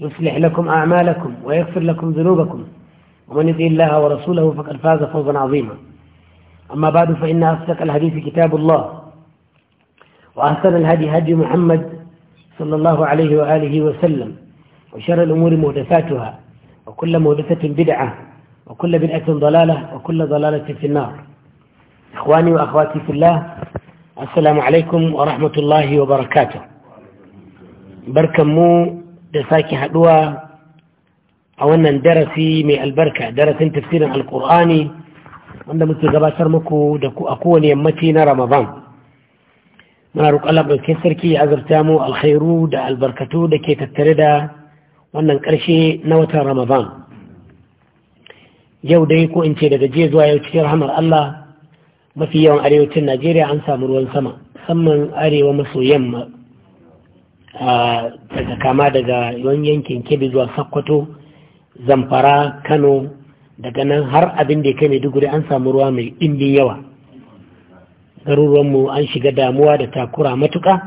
يصلح لكم أعمالكم ويغفر لكم ذنوبكم ومن يطع الله ورسوله فقد فاز فوزا عظيما أما بعد فإن أصدق الحديث كتاب الله وأحسن الهدي هدي محمد صلى الله عليه وآله وسلم وشر الأمور مهدثاتها وكل مهدثة بدعة وكل بدعة ضلالة وكل ضلالة في النار إخواني وأخواتي في الله السلام عليكم ورحمة الله وبركاته بركة مو da sake haduwa a wannan darasi mai albarka darasin tafsirin alkur'ani wanda muke gabatar muku da a kowane yammaci na ramadan muna roƙon labarkin sarki ya azurta mu alkhairu da albarkatu da ke tattare da wannan ƙarshe na watan ramadan yau dai ko in ce daga jiya zuwa yau cikin rahamar Allah mafi yawan arewacin Najeriya an samu ruwan sama musamman arewa maso yamma daga kama daga yawan yankin kebe zuwa sakkwato zamfara kano daga nan har abin da ya kai maiduguri an samu ruwa mai ɗimbin yawa garuruwanmu an shiga damuwa da takura matuƙa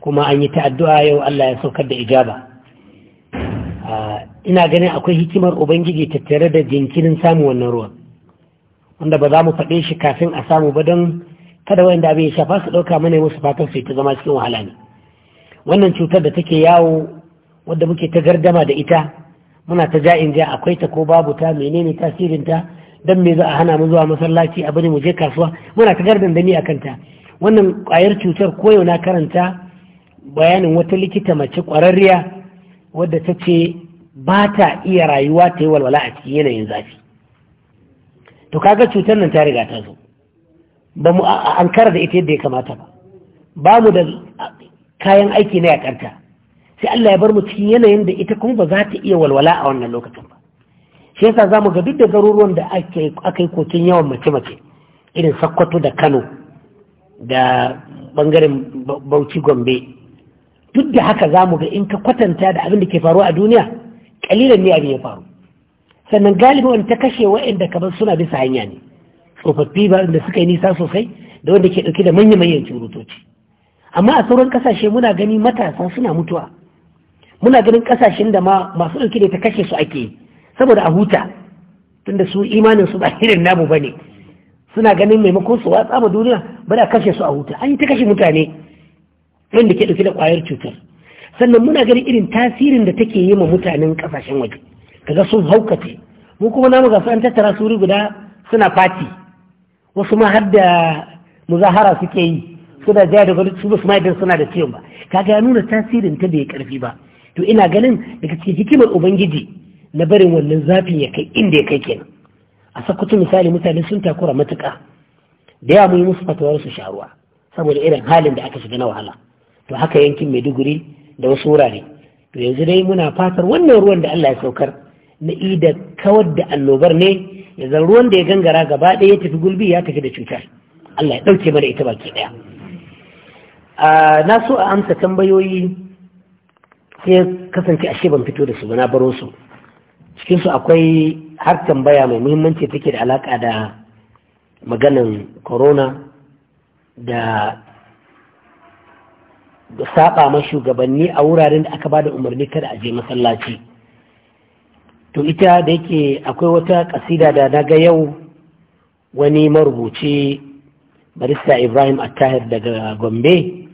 kuma an yi ta'addu'a yau allah ya saukar da ijaba ina ganin akwai hikimar ubangiji tattare da jinkirin samun wannan ruwan wanda ba za mu faɗe shi kafin a samu ba don kada wanda abin ya shafa su ɗauka mana musu fatan su ta zama cikin wahala ne wannan cutar da take yawo wadda muke ta gardama da ita muna ta ja'in ja akwai ta ko babu ta menene tasirinta don me za a hana mu zuwa masallaci a ne mu je kasuwa muna ta gardan dani akan ta wannan kwayar cutar koyau na karanta bayanin wata likita mace kwararriya wadda ta ce ba ta iya rayuwa ta yi walwala a cikin yanayin zafi to kaga cutar nan ta riga ta zo ba mu an kara da ita yadda ya kamata ba ba mu da kayan aiki na yakarta sai Allah ya bar mu cikin yanayin da ita kuma ba za ta iya walwala a wannan lokacin ba shi yasa zamu ga duk da garuruwan da ake akai kokin yawan mace-mace irin Sokoto da Kano da bangaren Bauchi Gombe duk da haka zamu ga in ka kwatanta da abin da ke faruwa a duniya kalilan ne abin ya faru sannan galibi wanda ta kashe wa'anda kamar suna bisa hanya ne tsofaffi ba da suka yi nisa sosai da wanda ke dauke da manya-manyan curutoci amma a sauran kasashe muna gani matasa suna mutuwa muna ganin kasashen da ma masu ɗauki da ta kashe su ake saboda a huta tunda su imanin su ba irin namu bane suna ganin maimakon su watsa ma duniya ba da kashe su a huta an yi ta kashe mutane wanda ke ɗauke da ƙwayar cutar sannan muna ganin irin tasirin da take yi ma mutanen kasashen waje kaga sun haukace mu kuma namu ga an tattara su guda suna fati wasu ma har da muzahara suke yi suna jaya da gwamnati su ba su ma idan suna da ciwon ba kaga ya nuna tasirin ta bai karfi ba to ina ganin daga cikin hikimar ubangiji na barin wannan zafin ya kai inda ya kai kenan a Sokoto, misali mutane sun takura matuka. da yawa muyi musu fatawar su sharuwa saboda irin halin da aka shiga na wahala to haka yankin maiduguri da wasu wurare to yanzu dai muna fatar wannan ruwan da allah ya saukar na ida kawar da annobar ne ya zan ruwan da ya gangara gaba ɗaya ya tafi gulbi ya tafi da cutar allah ya ɗauke mana ita baki ɗaya na so a amsa tambayoyi sai kasance ashe ban fito da su ba na baro su cikinsu akwai har tambaya mai muhimmanci take da alaka da maganan corona da da saba ma shugabanni a wuraren da aka ba da umarni kada a je masallaci to ita da yake akwai wata kasida da na ga yau wani marubuci barista ibrahim attahir daga gombe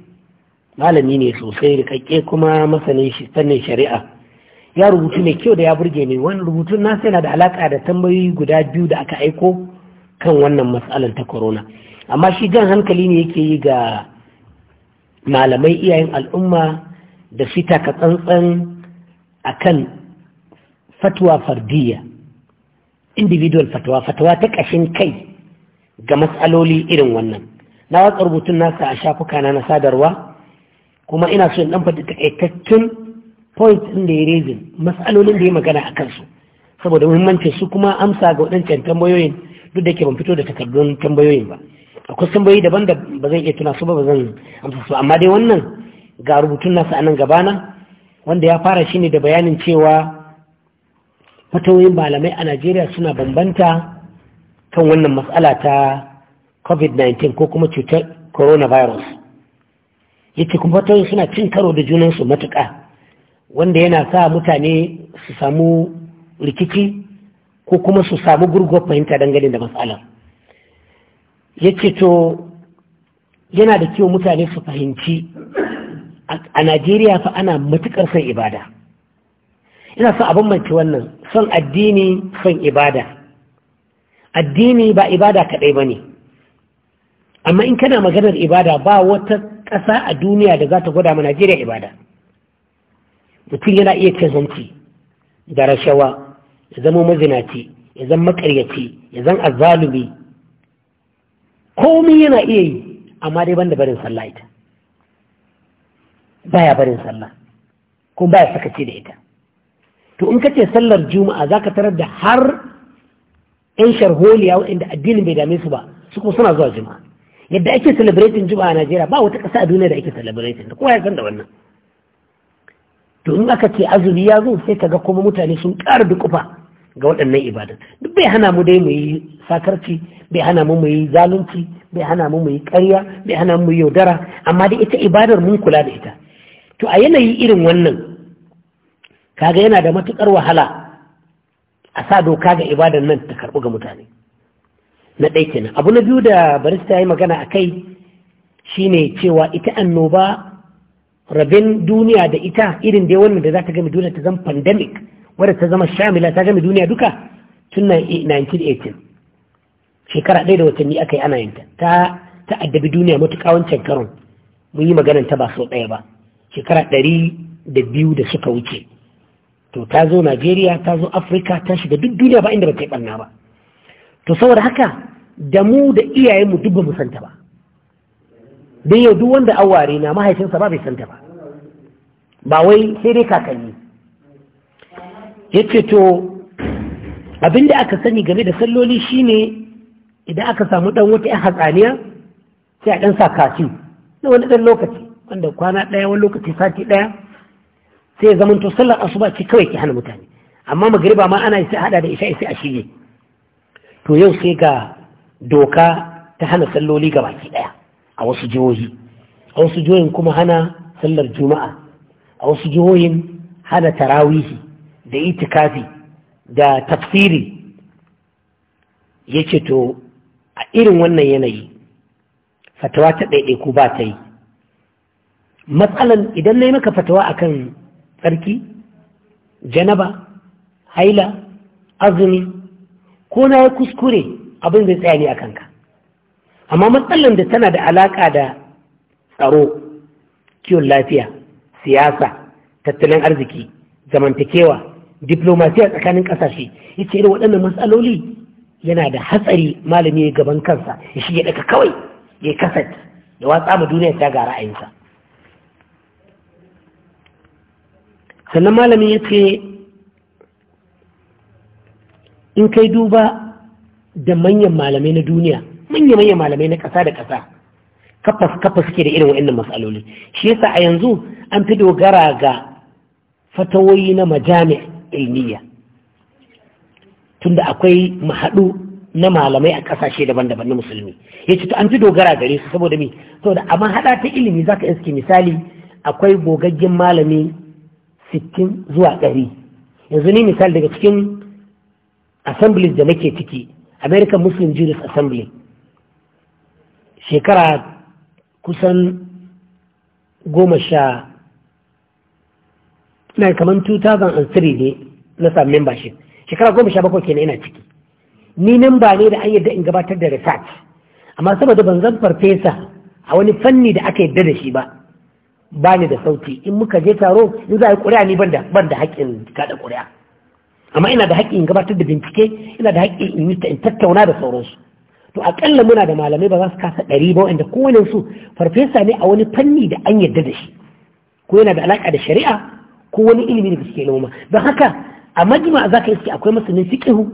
malami ne sosai rikakke kuma masanin sannin shari'a ya rubutu mai kyau da ya burge ni wani rubutun nasa yana da alaka da tambayoyi guda biyu da aka aiko kan wannan matsalar ta corona amma shi jan hankali ne yake yi ga malamai iyayen al'umma da shi ka tsantsan a kan fatwa fardiyya individual fatwa, fatwa ta ƙashin kai ga matsaloli irin wannan na watsa rubutun nasa a shafuka na na sadarwa kuma ina so in dan faɗi takaitattun point ɗin da ya rezi matsalolin da ya magana a kansu saboda muhimmancin su kuma amsa ga waɗancan tambayoyin duk da ke ban fito da takardun tambayoyin ba akwai tambayoyi daban da ba zan iya tuna su ba ba zan amsa su amma dai wannan ga rubutun nasa a nan gabana wanda ya fara shi ne da bayanin cewa fatawoyin malamai a najeriya suna bambanta kan wannan matsala ta covid-19 ko kuma cutar coronavirus ya ce kuma fatoyin suna cin karo da junansu matuƙa wanda yana sa mutane su samu rikici ko kuma su samu gurguwar fahimta dangane da matsalar ce to yana da kyau mutane su fahimci a najeriya fa ana matuƙar son ibada ina son abin manci wannan son addini son ibada addini ba ibada kaɗai ba ne amma in kana maganar ibada ba wata ƙasa a duniya da za ta gwada ma najeriya ibada mutum yana iya cin da rashawa ya zama mazinaci ya zama makaryaci ya zama azzalumi komi yana iya yi amma dai ban da barin sallah ita baya barin sallah kuma baya sakaci da ita to in ka ce sallar juma'a za ka tarar da har 'yan sharholiya waɗanda addinin bai dame su ba su kuma suna zuwa juma'a yadda ake celebrating juma'a a najeriya ba wata ƙasa a duniya da ake celebrating da kowa ya san da wannan to in aka ce azumi ya zo sai kaga kuma mutane sun ƙara dukufa ga waɗannan ibada duk bai hana mu dai mu yi sakarci bai hana mu mu yi zalunci bai hana mu mu yi ƙarya bai hana mu yaudara amma dai ita ibadar mun kula da ita to a yanayi irin wannan kaga yana da matuƙar wahala a sa doka ga ibadan nan ta karɓu ga mutane na ɗai kenan abu na biyu da barista ya yi magana a kai shine cewa ita annoba rabin duniya da ita irin da wannan da za ta gami duniya ta zama pandemic wadda ta zama shamila ta gami duniya duka tun 1918 shekara ɗaya da watanni aka yi ana yin ta Ta ta'addabi duniya matuƙa wancan karon mun yi maganar ta ba sau ɗaya ba shekara ɗari da biyu da suka wuce to ta zo najeriya ta zo afirka ta shiga duk duniya ba inda ba ta yi ɓanna ba to saboda haka da mu da iyayenmu duk ba mu santa ba don yau duk wanda aware na mahaifinsa ba bai santa ba ba wai sai dai kakanni ya ce to abinda aka sani game da salloli shine idan aka samu dan wata yan hatsaniya sai a dan sa kafin na wani dan lokaci wanda kwana daya wani lokaci sati daya. sai zamanto sallar asuba ce kawai ke hana mutane amma magariba ma ana isa hada da isa-isa a shige to yau sai ga doka ta hana salloli ga baki daya a wasu jihohi a wasu jihohin kuma hana sallar juma'a a wasu jihohin hana tarawihi da itikafi da tafsiri yace to a irin wannan yanayi fatawa ta ɗaiɗaiku ba ta yi matsalan idan na yi maka fatawa akan tsarki janaba haila azumi ko na ya kuskure abin zai tsaya ne a kanka amma matsalar da tana da alaƙa da tsaro kiwon lafiya siyasa tattalin arziki zamantakewa diplomasiya tsakanin ƙasashe yace irin waɗannan matsaloli yana da hatsari malami gaban kansa ya shige daga kawai ya kasat da watsa mu duniya ta ga ra'ayinsa sannan malamin ya ce in kai duba da manyan malamai na duniya manya-manyan malamai na ƙasa da ƙasa kafa suke da irin wa'annan matsaloli shi yasa a yanzu an fi dogara ga fatawoyi na majami ilmiya tunda akwai mahadu na malamai a kasashe daban-daban na musulmi ya ce an fi dogara gare su saboda mi saboda amma hada ta ilimi zaka iske misali akwai gogaggen malami sittin zuwa ɗari yanzu ni misali daga cikin assemblies da nake ciki american muslim jewish assembly shekara kusan goma sha na kamar 2003 ne na sami membership shekara goma sha bakwai kenan ina ciki ni nan ba ne da an yadda in gabatar da research amma saboda ban zan farfesa a wani fanni da aka yadda da shi ba ba ni da sauti in muka je taro in za a yi ƙuri'a ni ban da haƙƙin kaɗa ƙuri'a amma ina da haƙƙin gabatar da bincike ina da haƙƙin in yi in tattauna da sauransu to aƙalla muna da malamai ba za su kasa ɗari ba wanda kowane su farfesa ne a wani fanni da an yarda da shi ko yana da alaƙa da shari'a ko wani ilimi da suke noma don haka a majima za ka iske akwai masanin fiƙihu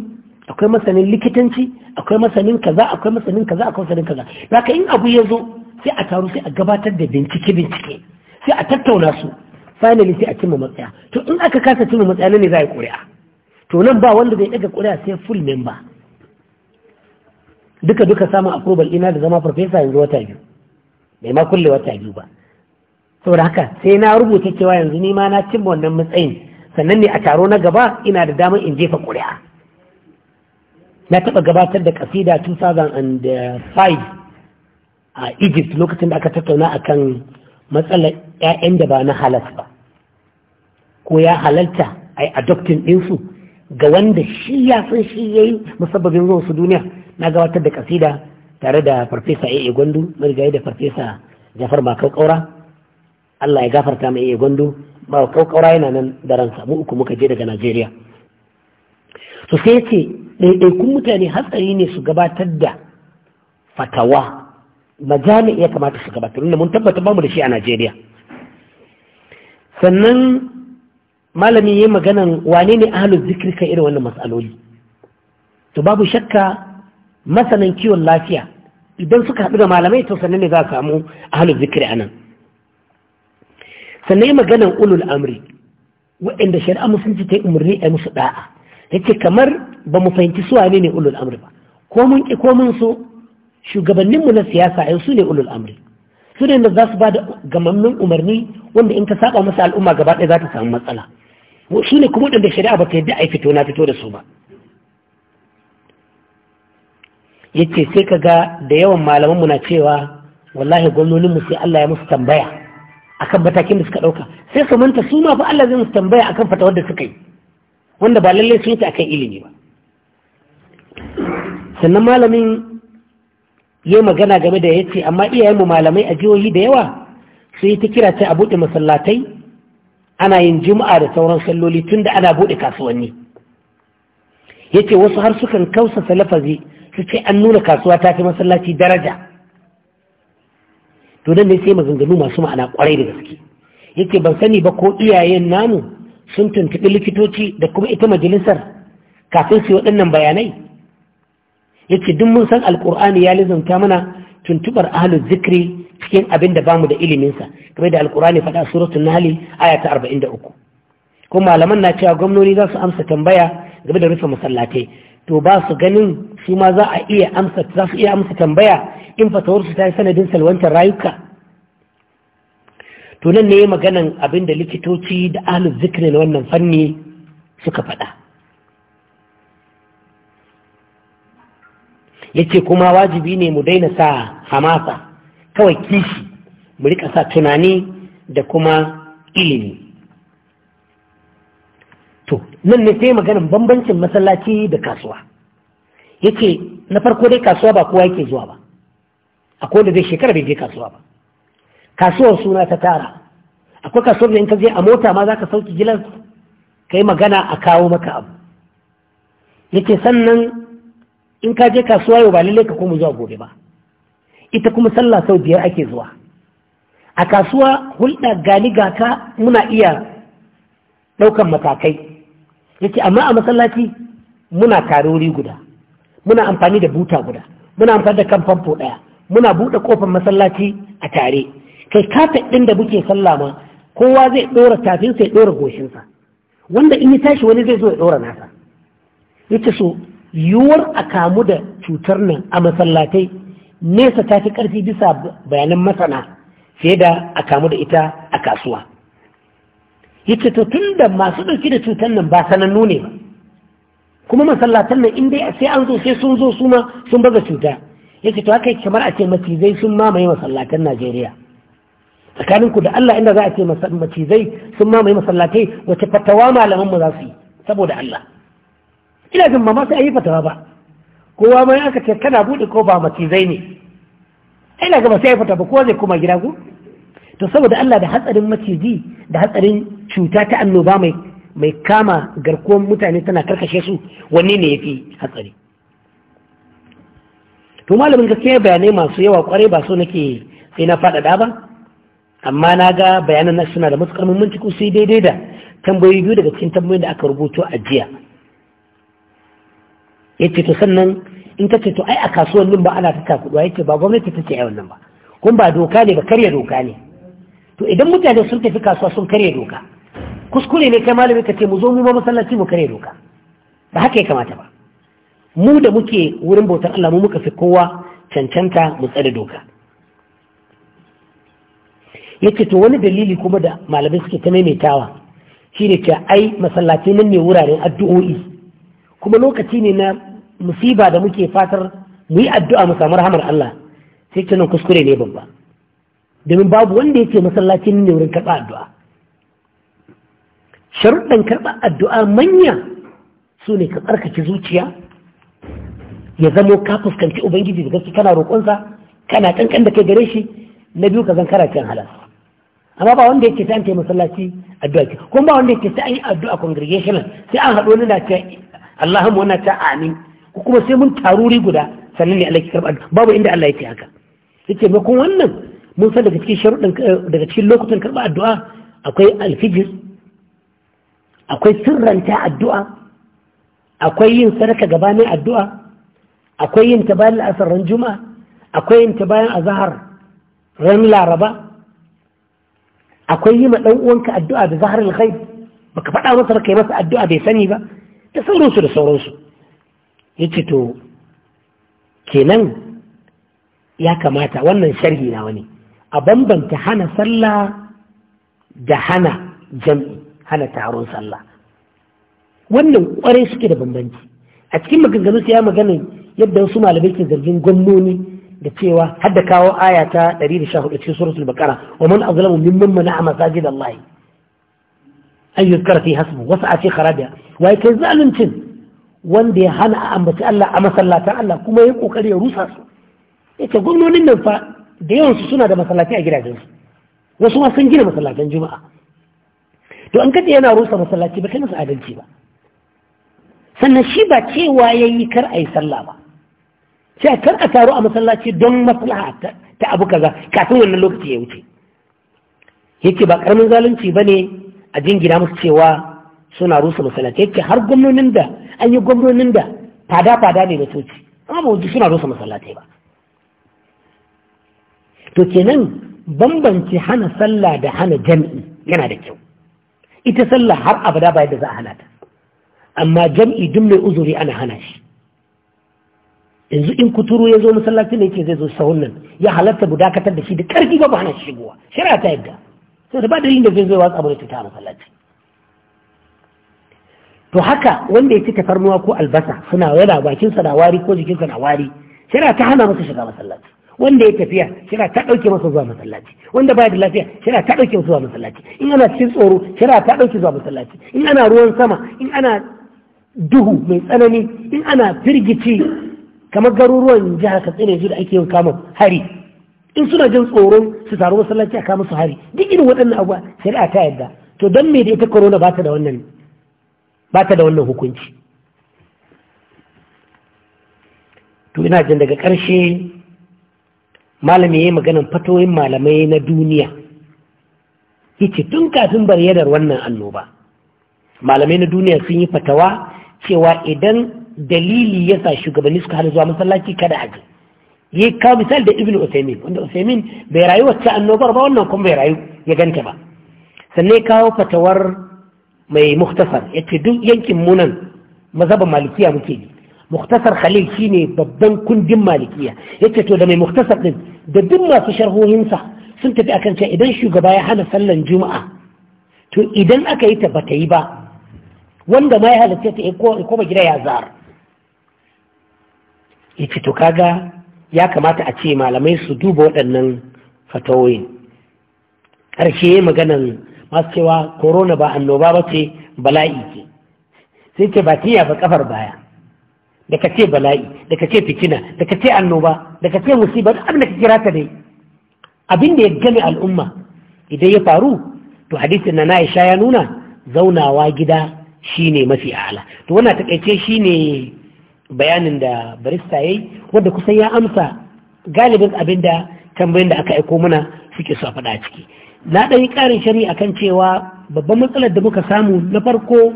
akwai masanin likitanci akwai masanin kaza akwai masanin kaza akwai masanin kaza za ka in abu ya zo sai a taru sai a gabatar da bincike bincike sai a tattauna su finally sai a cimma matsaya to in aka kasa cimma matsaya ne za a yi ƙuri'a to nan ba wanda zai daga ƙuri'a sai full member duka duka samun approval ina da zama farfesa yanzu wata biyu bai ma kulle wata biyu ba saboda haka sai na rubuta cewa yanzu ni ma na cimma wannan matsayin sannan ne a taro na gaba ina da damar in jefa ƙuri'a na taɓa gabatar da kasida 2005 a egypt lokacin da aka tattauna akan matsalar 'ya'yan da ba na halas ba ko ya halarta a yi adoptin ɗinsu ga wanda shi ya san shi ya yi musabbabin zuwansu duniya na gabatar da kasida tare da farfesa AA Gwandu marigayi da farfesa Jafar ba kaukaura? Allah ya gafarta mai AA Gwandu ba kaukaura yana nan da ransa mu uku muka je daga Najeriya so sai ce ɗaiɗaikun mutane hatsari ne su gabatar da fatawa majami ya kamata su gabata inda mun tabbata ba mu da shi a Najeriya sannan malami yayin maganan wane ne ahlul zikri kan irin wannan matsaloli to babu shakka masanan kiwon lafiya idan suka haɗu da malamai to sannan ne za a samu ahlul zikri anan sannan yayin maganan ulul amri waɗanda shari'a musulunci ta umarni a musu da'a yace kamar ba mu fahimci su wane ne ulul amri ba ko mun ki ko mun so shugabanninmu na siyasa yau su ne ulul amri su ne za su ba da gamammin umarni wanda in ka saba masa al'umma gaba ɗaya za ta samu matsala su ne kuma waɗanda shari'a ba ta yadda a yi fito na fito da su ba ya ce sai ka ga da yawan malamanmu na cewa wallahi gwamnoninmu sai Allah ya musu tambaya akan matakin da suka ɗauka sai su manta su ma fa Allah zai musu tambaya akan fatawar da suka yi wanda ba lallai sun yi ta akan ilimi ba sannan malamin yi magana game da ya ce, amma iyayenmu malamai a jihohi da yawa sai yi ta kira ta a buɗe masallatai ana yin juma'a da sauran salloli tun da ana buɗe kasuwanni Ya ce wasu har sukan kausa salafazi su ce an nuna kasuwa ta fi masallaci daraja to dan ne sai maganganu masu ma'ana kwarai da gaske Ya ce ban sani ba ko iyayen namu sun tuntuɓi likitoci da kuma ita majalisar kafin su yi waɗannan bayanai yace duk mun san alqur'ani ya lizanta mana tuntubar ahlul zikri cikin abin da bamu da ilimin sa kamar da alqur'ani faɗa suratul nahl aya ta 43 kuma malaman na cewa gwamnoni za su amsa tambaya game da rufe masallatai to ba su ganin su ma za a iya amsa za su iya amsa tambaya in fatawar su ta yi sanadin salwanta rayuka to nan ne maganan abin da likitoci da ahlul zikri na wannan fanni suka faɗa yace kuma wajibi ne mu daina sa hamasa kawai kishi mu rika sa tunani da kuma ilimi to nan ne sai maganin bambancin masallaci da kasuwa yake na farko dai kasuwa ba kowa yake zuwa ba akwai da zai shekara bai je kasuwa ba kasuwar suna ta tara akwai kasuwar da in ka je a mota ma za ka sauki gilas ka yi magana a kawo maka abu yake sannan in ka je kasuwa yau ba lalle ka koma zuwa gobe ba ita kuma sallah sau biyar ake zuwa a kasuwa hulɗa gani ka muna iya ɗaukan matakai yace amma a masallaci muna tarori guda muna amfani da buta guda muna amfani da kan famfo ɗaya muna buɗe kofar masallaci a tare kai kafet ɗin da muke sallah ma kowa zai ɗora tafinsa ya ɗora goshinsa wanda in ya tashi wani zai zo ya ɗora nasa yake so yiwuwar a kamu da cutar nan a masallatai nesa ta fi ƙarfi bisa bayanan masana fiye da a kamu da ita a kasuwa yace to tun da masu ɗauki da cutar nan ba sanannu ne ba kuma masallatan nan in dai sai an zo sai sun zo su ma sun baza cuta yace to haka kamar a ce macizai sun mamaye masallatan Najeriya tsakanin ku da Allah inda za a ce macizai sun mamaye masallatai wace fatawa malaman mu za su yi saboda Allah ina jin mama sai ayi fatawa ba kowa mai aka ce kana buɗe ko ba macizai ne ina ga ba sai ayi ba kowa zai koma gida ko to saboda Allah da hatsarin maciji da hatsarin cuta ta annoba mai mai kama garkuwar mutane tana karkashe su wanne ne yafi hatsari to malamin gaskiya bayanai masu yawa kwarai ba so nake sai na faɗaɗa ba amma na ga bayanan suna da matuƙar mummunci ko sai daidai da tambayoyi biyu daga cikin tambayoyin da aka rubuto a jiya ya ce to sannan in ka ce to ai a nan ba ana ta wa ya ce ba gwamnati ta ce ai wannan ba kun ba doka ne ba karya doka ne to idan mutane sun tafi kasuwa sun karya doka kuskure ne kai malami ka ce mu zo mu ba masallaci mu karya doka ba haka ya kamata ba mu da muke wurin bautar Allah mu muka fi kowa cancanta mu tsare doka yace to wani dalili kuma da malamai suke ta maimaitawa shine ce ai masallaci nan ne wuraren addu'o'i kuma lokaci ne na musiba da muke fatar mu yi addu'a mu samu rahamar Allah sai ta nan kuskure ne babba domin babu wanda yake masallacin ne wurin karɓa addu'a sharuɗan karɓa addu'a manya su ne ka tsarkake zuciya ya zamo ka fuskanci ubangiji da gaske kana roƙonsa kana kankan da kai gare shi na biyu ka zan kan halas amma ba wanda yake ta an taimaka masallaci addu'a ke kuma ba wanda yake ta an yi addu'a congregational sai an haɗu wani na ce Allahumma wannan ta amin ko kuma sai mun taruri guda sannan ne Allah ya karba babu inda Allah yake haka yake ba kun wannan mun san daga cikin sharuɗin eh, daga cikin lokutan karba addu'a akwai alfijir akwai sirranta addu'a akwai yin sadaka gabanin addu'a akwai yin ta bayan asar ran juma'a akwai yin ta bayan azhar ran laraba akwai yi ma dan uwanka addu'a da zaharul ghaib baka faɗa masa baka yi masa addu'a bai sani ba da sauransu da sauransu ya ce to kenan ya kamata wannan sharhi na wani a bambanta hana sallah da hana jam'i hana taron sallah wannan kwarai suke da bambanci a cikin maganganu su ya magana yadda wasu malamai ke zargin gwamnoni da cewa hadda kawo aya ta 114 cikin suratul bakara wa man azlamu mimman mana'a masajid Allah an yi yi hasbu wasu a ce kharabiya wai kai zaluncin wanda ya hana a ambaci Allah a masallatan Allah kuma ya kokari ya rusa su yace gwamnonin nan fa da yawan su suna da masallaci a gidajen su? wasu ma sun gina masallatan juma'a to an kace yana rusa masallaci ba kai masa adalci ba sannan shi ba cewa yayi kar ayi sallah ba sai kar a taro a masallaci don maslaha ta abu kaza kafin wannan lokaci ya wuce yake ba karamin zalunci bane a jingina musu cewa suna rusa masallatai yake har gwamnonin da an yi gwamnonin da fada-fada ne da soci amma ba wajen suna rusa masallatai ba to kenan bambance hana sallah da hana jam'i yana da kyau ita sallah har abada ba da za a hana ta amma jam'i duk mai uzuri ana hana shi yanzu in kuturu ya zo masallacin da yake zai zo sahun nan ya halatta bu dakatar da shi da karfi ba ba hana shi shigowa shari'a ta yadda sai da ba yin da zai zai watsa abu da ta a masallaci to haka wanda ya ci tafarnuwa ko albasa suna yana bakinsa na wari ko jikinsa na wari shira ta hana masa shiga masallaci wanda ya tafiya shira ta ɗauke masa zuwa masallaci wanda baya da lafiya shira ta ɗauke zuwa masallaci in ana cikin tsoro shira ta dauke zuwa masallaci in ana ruwan sama in ana duhu mai tsanani in ana firgici kamar garuruwan jihar katsina yanzu da ake yin kama hari in suna jin tsoron su taru masallaci a kama su hari duk irin waɗannan abuwa shari'a ta yadda to don me da ita corona ba ta da wannan hukunci to ina jin daga ƙarshe malami ya yi maganin fatoyin malamai na duniya yace tun kafin baryadar wannan annoba malamai na duniya sun yi fatawa cewa idan dalili ya sa shugabanni suka hana zuwa masallaci kada a je yi kawo misal da ibn usaimin wanda usaimin bai rayu wacce annobar ba wannan kuma bai rayu ya ganta ba sannan kawo fatawar mai muktasar ya ce duk yankin munan mazhaban malikiya muke bi muktasar khalil shine babban kundin malikiya ya ce to da mai muktasar din da duk masu sharhohinsa sun tafi akan cewa idan shugaba ya hana sallan juma'a to idan aka yi ta bata yi ba wanda ma ya halatta ta ko ba gida ya zar ya ce to kaga ya kamata a ce malamai su duba waɗannan fatawoyin ƙarshe maganan masu cewa korona ba annoba ba ce bala'i ce sai ce ba ya fa kafar baya da ka ce bala'i da ka ce fitina da ka ce annoba da ka ce musiba da abin da ka kira ta dai abin da ya gani al'umma idan ya faru to hadisi na Aisha ya nuna zaunawa gida shine mafi ala to wannan takaice shine bayanin da barista yi wadda kusan ya amsa galibin abin da tambayin da aka aiko mana suke su a faɗa ciki na ɗan yi ƙarin a kan cewa babban matsalar da muka samu na farko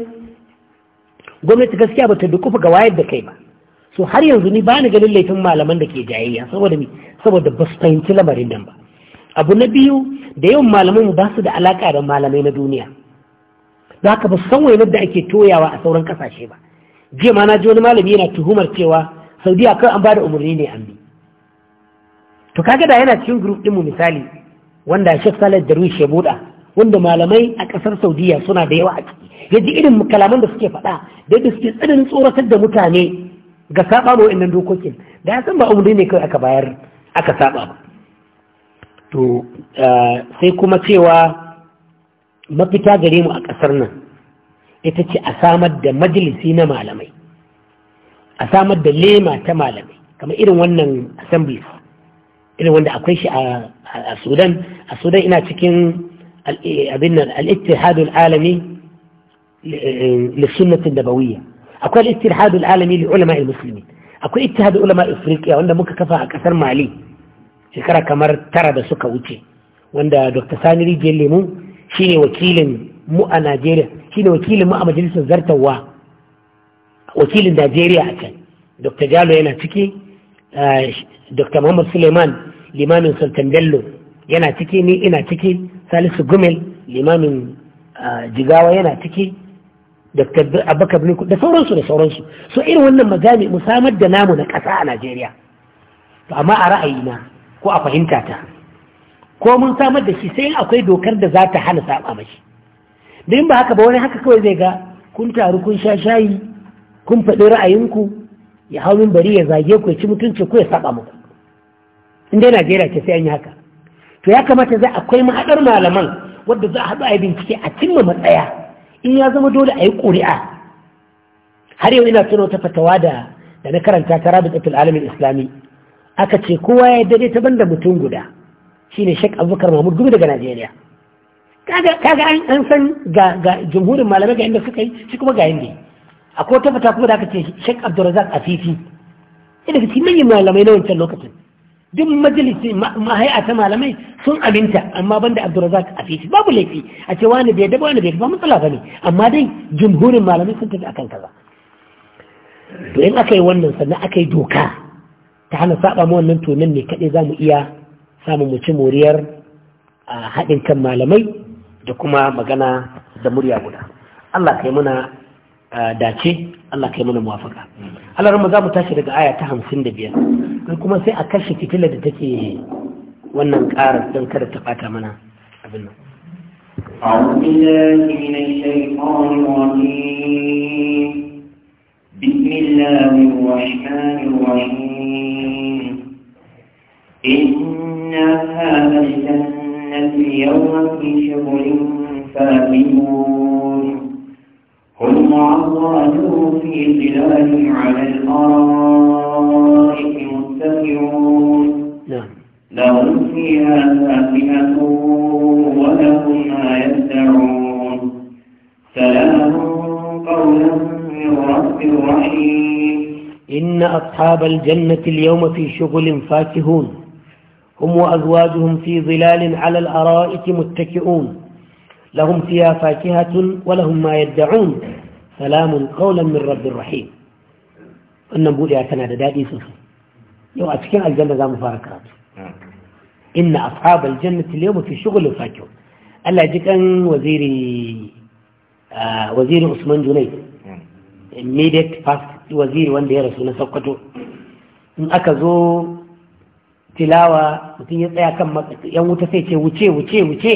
gwamnati gaskiya bata dukufa ga wayar da kai ba so har yanzu ni ba ni ganin laifin malaman da ke jayayya saboda mi saboda ba su fahimci lamarin nan ba abu na biyu da yawan malaman mu ba su da alaka da malamai na duniya za ka ba su san wainar da ake toyawa a sauran ƙasashe ba jiya ma na ji wani malami yana tuhumar cewa saudiya kawai an bada da umarni ne an bi to kaga da yana cikin group mu misali wanda shek salad darwish ya buɗa wanda malamai a ƙasar saudiya suna da yawa a ciki yadda irin kalaman da suke faɗa da yadda suke tsananin tsoratar da mutane ga saba ma wa'annan dokokin da ya san ba umarni ne kawai aka bayar aka saba ba to eh, sai kuma cewa mafita gare mu a ƙasar nan ita ce a samar da majalisi na malamai a samar da lema ta malamai kamar irin wannan assemblies irin wanda akwai shi a sudan a sudan ina cikin eh, al-ittihadul alami lissunnatin eh, dabawiyya akwai al-ittihadul alami li ulama musulmi akwai ittihadul ulama afirka wanda muka kafa a kasar mali shekara kamar tara da suka wuce wanda dr sani rijiyar lemu shine wakilin mu a Najeriya shine wakilin mu a majalisar zartawa wakilin Najeriya a can Dr. Jalo yana ciki eh, Dr. Muhammad Suleiman limamin Sultan Bello yana ciki ni ina ciki Salisu Gumel limamin eh, Jigawa yana ciki Dr. Abubakar Biko da sauransu da sauransu so irin wannan majami mu samar da namu na ƙasa a Najeriya to amma a ra'ayina ko a fahimta ta ko mun samar da shi sai akwai dokar da za ta hana saba mashi da ba haka ba wani haka kawai zai ga kun taru kun sha shayi kun faɗi ra'ayinku ya hau min bari ya zage ku ya ci mutunci ku ya saba muku in dai najeriya ce sai an yi haka to ya kamata zai akwai mahaɗar malaman wadda za a haɗu a yi bincike a cimma matsaya in ya zama dole a yi ƙuri'a har yau ina tuno ta fatawa da da na karanta ta rabitatul alamin islami aka ce kowa ya dade ta banda mutum guda shine shek abubakar mahmud gumi daga najeriya kaga kaga an san ga ga jumhurin malamai ga inda suka yi shi kuma ga yanda akwai ta fata kuma da aka ce Sheikh Abdulrazak Afifi ina cikin manyan malamai na wancan lokacin duk majalisi mahai'a ta malamai sun aminta amma banda Abdulrazak Afifi babu laifi a ce wani bai da wani bai ba matsala bane amma dai jumhurin malamai sun tafi akan kaza to in aka yi wannan sannan aka yi doka ta hana saba mu wannan to nan ne kaɗai za mu iya samun mu ci moriyar ah, haɗin kan malamai da kuma magana da murya guda Allah kai muna dace Allah kai muna muwafaka Allah rama za mu tashi daga aya ta hamsin da biyar. 55 kuma sai a kashe fitilar da take wannan karar don kada ta ɓata mana abin nan أعوذ بالله من الشيطان بسم الله الرحمن الرحيم إن هذا الجنة الْجَنَّةِ يوم في شغل فاكهون هم عضلوا في ظلال على الأرائك متكئون نعم. لهم فيها فاكهة ولهم ما يدعون سلام قولا من رب رحيم إن أصحاب الجنة اليوم في شغل فاكهون هم وأزواجهم في ظلال على الأرائك متكئون لهم فيها فاكهة ولهم ما يدعون سلام قولا من رب الرحيم نقول يا كندا دائي سلسل يو أتكين الجنة ذا مفاركات إن أصحاب الجنة اليوم في شغل فاكهة ألا جكن وزيري آه، وزير عثمان جنيد ميدك نعم. فاست وزير وان دي رسولنا سوقته اكزو tilawa mutum ya tsaya kan yan wuta sai ce wuce wuce wuce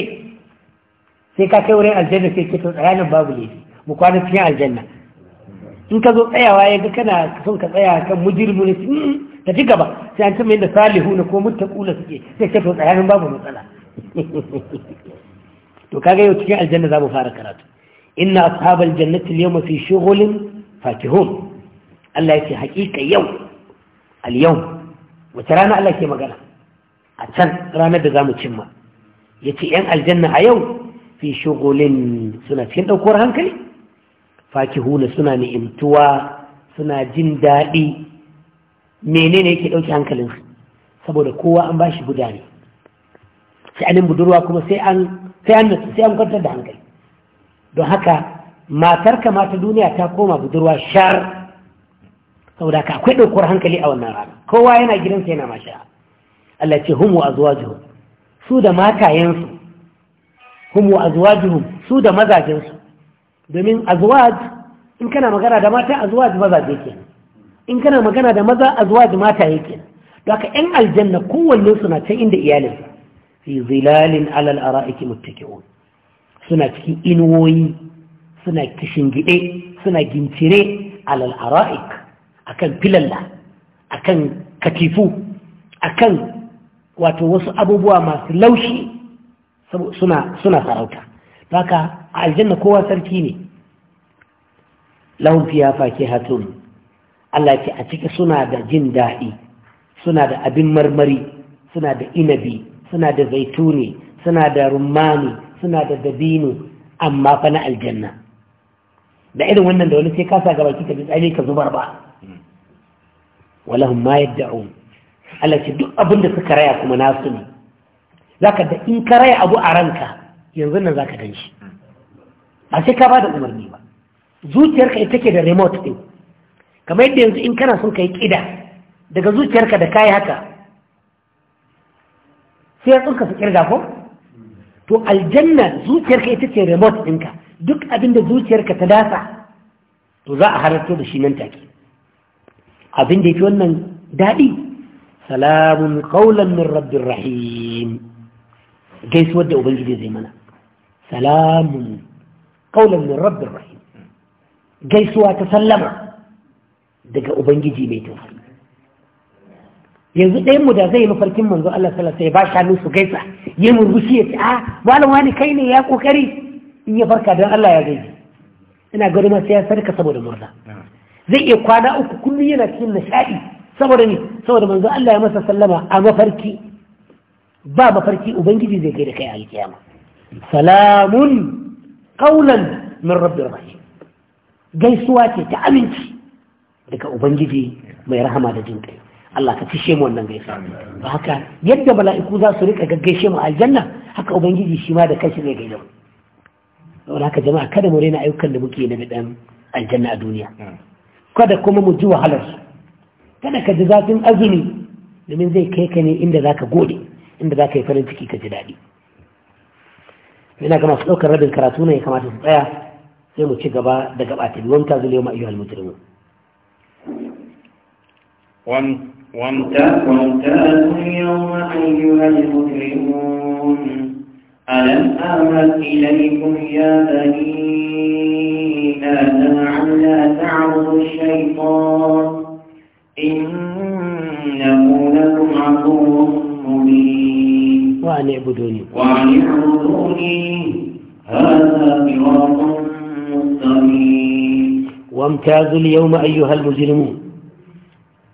sai ka kai wurin aljanna sai ce nan babu laifi mu kwana cikin aljanna in ka zo tsayawa ya ga kana son ka tsaya kan mujirmu ne hmm, ta ci gaba sai an cimma yadda salihu na ko muttaqula suke sai ce nan babu matsala to kaga yau cikin aljanna za mu fara karatu inna ashabal jannati al-yawma fi shughulin fakihun Allah ya ce haƙiƙa yau al-yawm wace rana Allah ke magana a can ranar da za mu cimma ya ce ‘yan aljanna a yau fi shugolin suna cikin ɗaukowar hankali fakihuna suna ni'imtuwa suna jin daɗi menene yake ɗauki hankalinsu saboda kowa an ba shi Sai ne budurwa kuma sai an sai an kwantar da hankali don haka matarka mata duniya ta koma budurwa shar saboda ka akwai ɗaukar hankali a wannan rana kowa yana gidansa yana masha Allah ce hum wa azwajuhum su da matayensu hum wa azwajuhum su da mazajensu domin azwaj in kana magana da mata azwaj mazaje ke in kana magana da maza azwaj mata yake da haka ƴan aljanna kowanne suna can inda iyalinsa fi zilalin alal ara'iki muttaki'un suna cikin inuwoyi suna kishingide suna gincire alal ara'ik akan filalla akan katifu akan wato wasu abubuwa masu laushi suna sarauta haka a aljanna kowa sarki ne lahun fiya fake hatun Allah ce a ciki suna da jin daɗi suna da abin marmari suna da inabi suna da zaituni suna da rumani suna da dabino amma fa na aljanna da irin wannan da wani sai kasa gaba kika bi tsari ka zubar ba walahum ma yad'un Allah ce duk abin da suka raya kuma nasu ne zaka da in ka raya abu a ranka yanzu nan zaka gan shi ba sai ka bada umarni ba zuciyarka ita take da remote din kamar yadda yanzu in kana son kai kida daga zuciyarka da kai haka sai ya tsinka su kirga ko to aljanna zuciyarka ita ce remote ɗinka duk abin da zuciyarka ta dasa to za a halarto da shi nan take abin da yake wannan daɗi salamun qaulan min rabbir rahim gaisuwar da ubangiji zai mana salamun qaulan min rabbir rahim gaisuwa ta sallama daga ubangiji mai tausayi yanzu ɗayan mu da zai yi mafarkin manzo Allah sallallahu alaihi wasallam ba shanu su gaisa ya murmushi ya ce a ah, malam wani kai ne ya kokari in ya farka don Allah ya gaji ina gari masu sai ya sarka saboda murna zai iya kwana uku kullum yana cikin nishaɗi saboda ne saboda manzo Allah ya masa sallama a mafarki ba mafarki ubangiji zai kai da kai alkiyama salamun qaulan min rabbir rahim gaisuwa ce ta aminci daga ubangiji mai rahama da jin kai Allah ka fishe mu wannan gaisuwa ba haka yadda mala'iku za su rika gaggaishe mu aljanna haka ubangiji shi ma da kanshi zai gaida mu don haka jama'a kada mu rena ayyukan da muke na dan aljanna a duniya kada kuma mu ji wahalarsu kada ka ji zafin azumi domin zai kai ka ne inda za ka gode inda za ka yi farin ciki ka ji daɗi yana ga masu ɗaukar rabin karatu ne ya kamata su tsaya sai mu ci gaba da gabata biyu ta zuwa yau ma'ayyar mujrimu وامتازوا اليوم ألم أعهد إليكم يا بني إنا على تعرض الشيطان إنه لكم عدو مبين وأن اعبدوني وأن اعبدوني هذا صراط مستقيم وامتازوا اليوم أيها المجرمون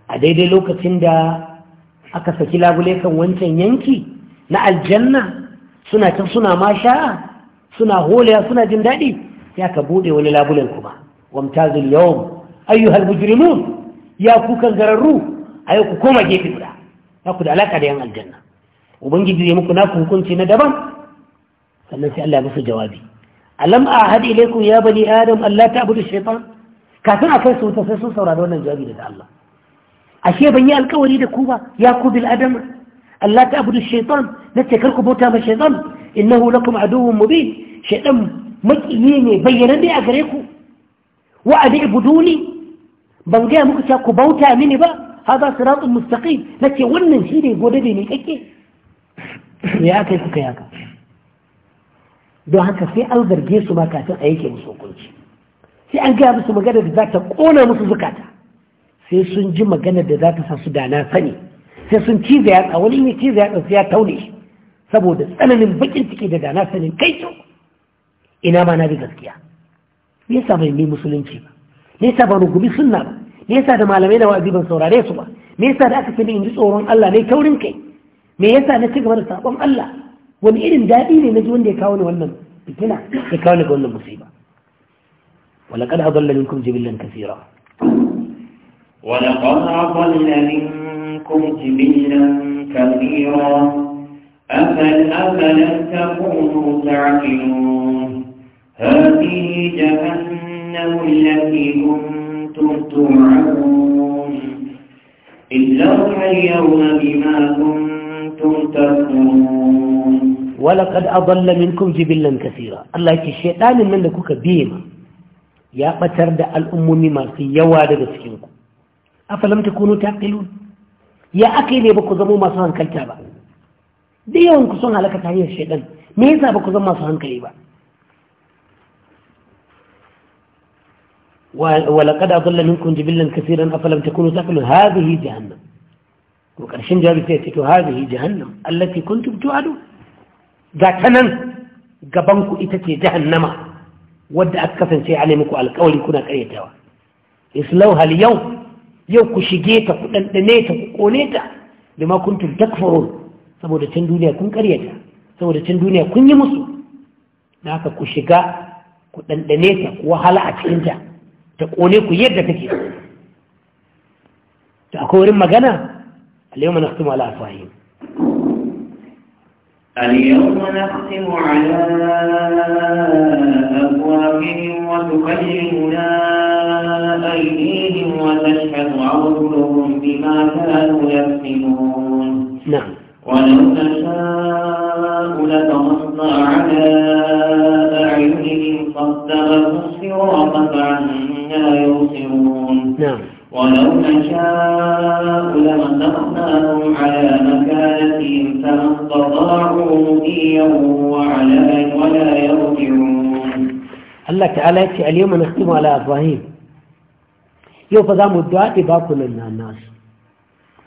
أديد لوكتين دا aka saki labule kan wancan yanki na aljanna suna can suna masha suna holiya suna jin daɗi ya ka bude wani labulen kuma wamtazul yawm ayyuhal mujrimun ya ku kan gararru ayo ku koma gefe guda ya ku da alaka da yan aljanna ubangiji ya muku naku hukunci na daban sannan sai Allah ya musu jawabi alam ahad ilaykum ya bani adam alla ta'budu shaytan kafin akai su ta sai sun saurari wannan jawabi daga Allah ashe ban yi alkawari da ku ba ya ku bil adam alla ta'budu shaytan nace kar ku bauta ma shaytan innahu lakum aduwwun mubin shaytan maƙiyi ne bayyana dai a gare ku wa'adi ibuduni ban gaya muku cewa ku bauta mini ba haza siratun na ce wannan shi ne gode ne kake me aka yi kuka yaka don haka sai an zarge su ma kafin a yake musu hukunci sai an gaya musu magana da za ta kona musu zukata sai sun ji magana da za ta sa su da na sani sai sun ciza yatsa wani ne ciza yatsa sai ya taune saboda tsananin bakin ciki da dana sani sanin kai kyau ina ma na bi gaskiya me yasa bai bi musulunci ba me yasa ba rugumi sunna ba me yasa da malamai da wa'azi ban saurare su ba me yasa da aka fi in ji tsoron Allah ne kaurin kai me yasa na ci gaba da sabon Allah wani irin daɗi ne na ji wanda ya kawo ni wannan fitina ya kawo ni ga wannan musiba ولقد أضل منكم جبلا كثيرا ولقد أضل منكم جبلا كثيرا أفل أفلم تكونوا تعقلون هذه جهنم التي كنتم توعدون إلا اليوم بما كنتم تكفرون ولقد أضل منكم جبلا كثيرا الله يكي الشيطان من لكوك بيما يا قتر دا الأمم ما في يواد بسكنكم أفلم تكونوا تعقلون يا أكيد يبقوا زمو ما صهن كالتابع دي يوم كسون على كتاهي الشيطان ميزا بقوا زمو ما صهن كالتابع ولقد أضل منكم جبلا كثيرا أفلم تكونوا تأكلون هذه جهنم وقرشين جابي سيتك هذه جهنم التي كنتم توعدون ذاتنا قبنكو إتتي جهنم ود أكفن سي علمكو على القول كنا كريتها إسلوها اليوم يوكو شجيتا قلنيتا قونيتا بما كنتم تكفرون saboda can duniya kun karyata saboda can duniya kun yi musu da haka ku shiga ku ɗanɗane ta ku wahala a cikinta ta kone ku yadda take ta akwai wurin magana al اليوم نختم على أبوابهم وتكلمنا أيديهم وتشهد عرضهم بما كانوا يفهمون نعم ولو نشاء لتمصى على أعينهم الصراط وقطعا لا نعم ولو نشاء لمسخناهم على مكانتهم فما استطاعوا مضيا وعلى ولا يرجعون الله تعالى يأتي اليوم نختم على ابراهيم. يوم fa الدعاء mu الناس.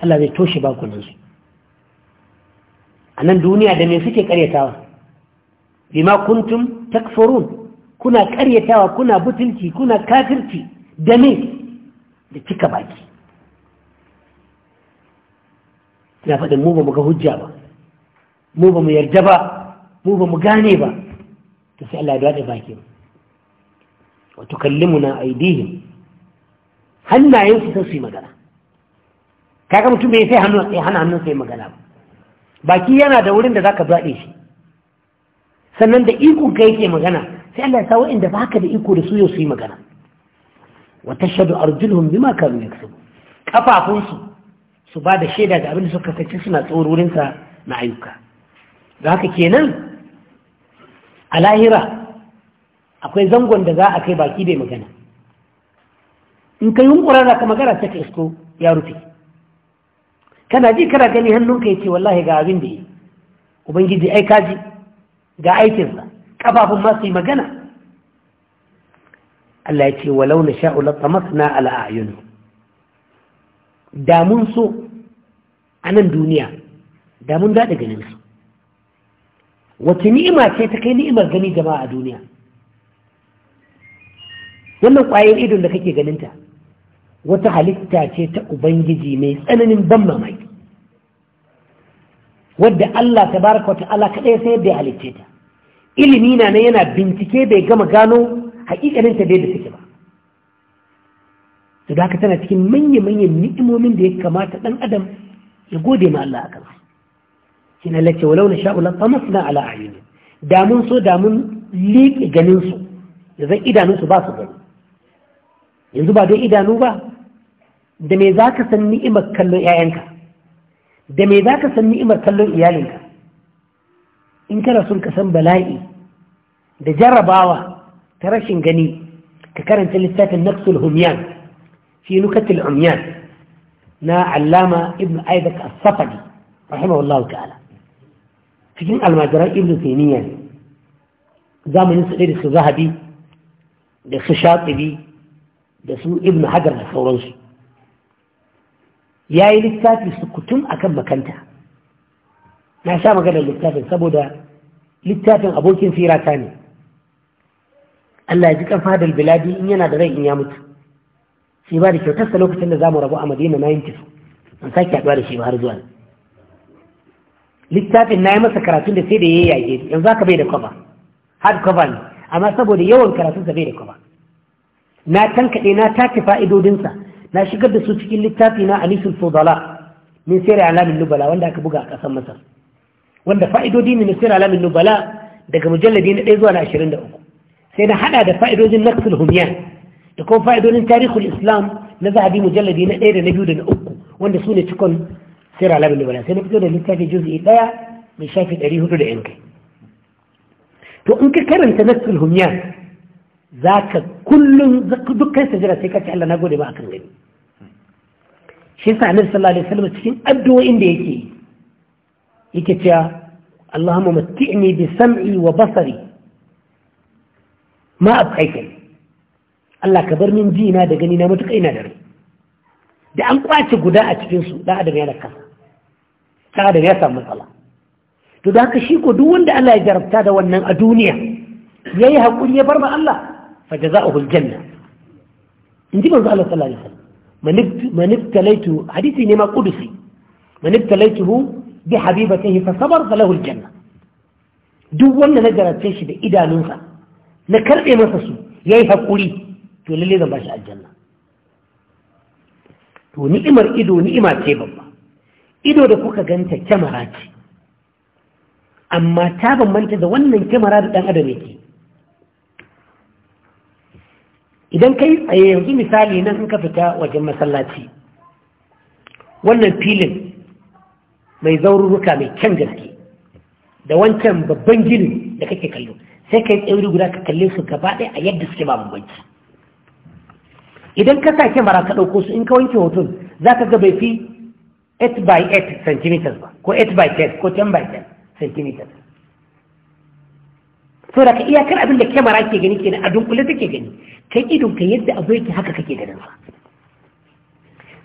الذي توشي nasu الناس. zai الدنيا bakunansu a nan بما كنتم تكفرون. kuna karyatawa kuna butulci kuna kafirci da me da cika baki ya faɗin mu ba mu ga hujja ba mu ba mu yarda ba mu ba mu gane ba ta sai Allah ya daɗe baki wa tukallimuna aidihim hannayen su sai su yi magana kaga mutum bai sai hannu sai hana hannun sai magana ba baki yana da wurin da zaka zaɗe shi sannan da ikon ka yake magana sai Allah ya sa wa'anda ba haka da iko da su yau su yi magana wa tashhadu arjuluhum bima kanu yaksubu kafafun su ba da shaida ga abin da suka kace suna tsororin sa na ayyuka da haka kenan a lahira akwai zangon da za a kai baki bai magana in ka yunkura za ka magana sai ka isko ya rufe kana ji kana gani hannunka ya ce wallahi ga abin da yi ubangiji ai kaji ga aikinsa kafafun ma yi magana Allah ya ce walau na sha'u latamasna ala ayunu da mun so a nan duniya da mun daɗa ganin su wata ni'ima ce ta kai ni'imar gani jama'a a duniya wannan ƙwayar idon da kake ganinta wata halitta ce ta ubangiji mai tsananin ban mamaki wadda Allah ta baraka wata Allah kaɗai sai da ya halicce ta ilimi na nan yana bincike bai gama gano hakikanin ta da take ba to da tana cikin manya-manyan ni'imomin da ya kamata dan adam ya gode ma Allah akan shi na lace walau na sha'ula famasna ala ayyuni da mun so da mun liƙe ganin su da zan idanun su ba su gani yanzu ba don idanu ba da me za ka san ni'imar kallon 'ya'yanka da me za ka san ni'imar kallon iyalinka in kana son ka san bala'i da jarrabawa ta rashin gani ka karanta littafin naqsul humyan fi nukatil umyan na allama ibnu aizak as-safadi rahimahullahu ta'ala cikin almajiran ibnu taymiya ne zamanin su da su zahabi da su shatibi da su ibnu hajar da sauransu yayi littafi sukutun akan makanta na sha magana littafin saboda littafin abokin firata ne Allah ya ji kan fadal biladi in yana da rai in ya mutu shi ba da kyautarsa lokacin da za mu rabu a madina na yanki su an sake haɗuwa da shi ba har zuwa littafin na yi masa karatun da sai da ya yi yage yanzu haka bai da kwaba hard cover ne amma saboda yawan karatunsa bai da kwaba na tankaɗe na tafi fa'idodinsa na shigar da su cikin littafi na anisul fudala min sayar alamin lubala wanda aka buga a ƙasar masar wanda fa'idodi ne na alamin nubala daga mujalladi na ɗaya zuwa na ashirin da uku sai na haɗa da fa'idodin naqsul humyan da kuma fa'idodin tarihul islam na zahabi mujalladi na ɗaya da na biyu da na uku wanda su ne cikon sirra alamin nubala sai na fito da littafi juzi ɗaya mai shafi ɗari hudu da yankai to in ka karanta naqsul humyan za ka kullum dukkan sajira sai ka ce Allah na gode ba akan gani shi sa annabi sallallahu alaihi wasallam cikin addu'o'in da yake yi yake cewa Allahumma matti'ni bi sam'i wa basari ma Allah ka bar min ji na da gani na matuƙa ina da rai da an ƙwace guda a cikin su dan adam yana kasa dan adam ya samu matsala to da haka shi ko duk wanda Allah ya jarabta da wannan a duniya yayi hakuri ya bar ma Allah Allah hadisi ne ma qudusi man بحبيبته فصبر فله الجنة دو وانا نجرت تشي بإدا ننسى نكرت مسسو يايها قولي تقول لي ذا باشا الجنة to ni'imar ido ni'ima ce babba ido da kuka ganta kyamara ce amma ta bambanta da wannan kyamara da ɗan adam idan kai tsaye yanzu misali nan in ka fita wajen masallaci wannan filin mai zaururuka mai kyan gaske da wancan babban ginin da kake kallo sai ka yi tsauri guda ka kalle su gaba ɗaya a yadda suke ba bambanci idan ka sa kyamara ka ɗauko su in ka wanke hoton za ka ga bai fi 8 by 8 cm ba ko 8 by 10 ko 10 by 10 cm so da ka iyakar abin da kyamara ke gani kenan a dunkule take gani yi idon ka yadda abu yake haka kake ganin sa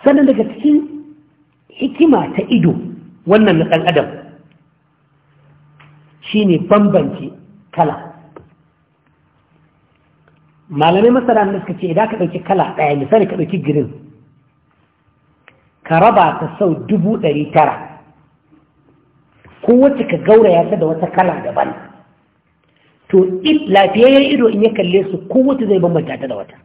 sannan daga cikin hikima ta ido wannan na ɗan adam shi ne bambanci kala malamai masana da suka ce idan ka ɗauki kala ɗaya misali ka ɗauki girin ka raba ta sau dubu ɗari tara kowace ka gauraya ta da wata kala daban to lafiyayyen ido in ya kalle su kowace zai bambanta ta da wata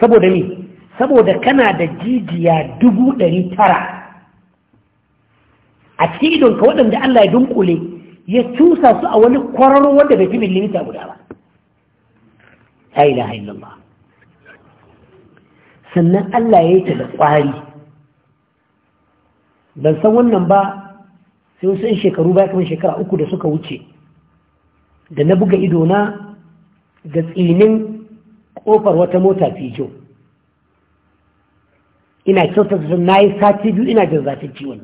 saboda ne saboda kana da jijiya dubu ɗari tara a cikin ka waɗanda Allah ya dunkule ya cusa su a wani kwararo wanda bai fi millimita guda ba Ta yi lahayin lamba. sannan Allah ya yi ta da ƙwari ban san wannan ba sai wasu in shekaru ba kamar shekara uku da suka wuce da na buga idona ga tsinin ƙofar wata mota fijo ina kyautar na yi sati biyu ina jin zafin ciwon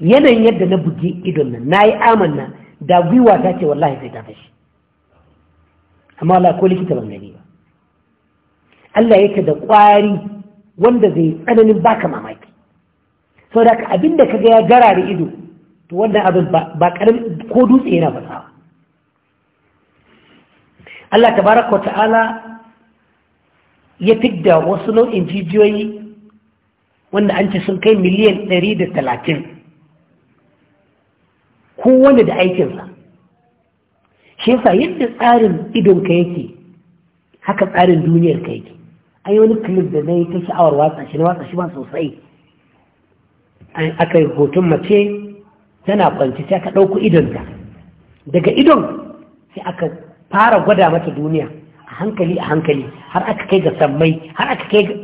yanayin yadda na buge idon nan na yi amanna da gwiwa ta ce wallahi sai ta shi amma Allah ko likita ban gani ba Allah yake da kwari wanda zai tsananin baka mamaki sau da abin da kaga ya gara da ido to wannan abin ba karin ko dutse yana fasawa Allah tabaraka wa ta'ala ya da wasu nau'in jijiyoyi wanda an ce sun kai miliyan 130 kowane da aikinsa shi yasa yadda tsarin idonka yake haka tsarin duniyar ka yake an yi wani clip da zai ta sha'awar watsa shi na watsa shi ba sosai aka yi hoton mace tana kwanci sai aka ɗauko idonta daga idon sai aka fara gwada mata duniya a hankali a hankali har aka kai ga sammai har aka kai ga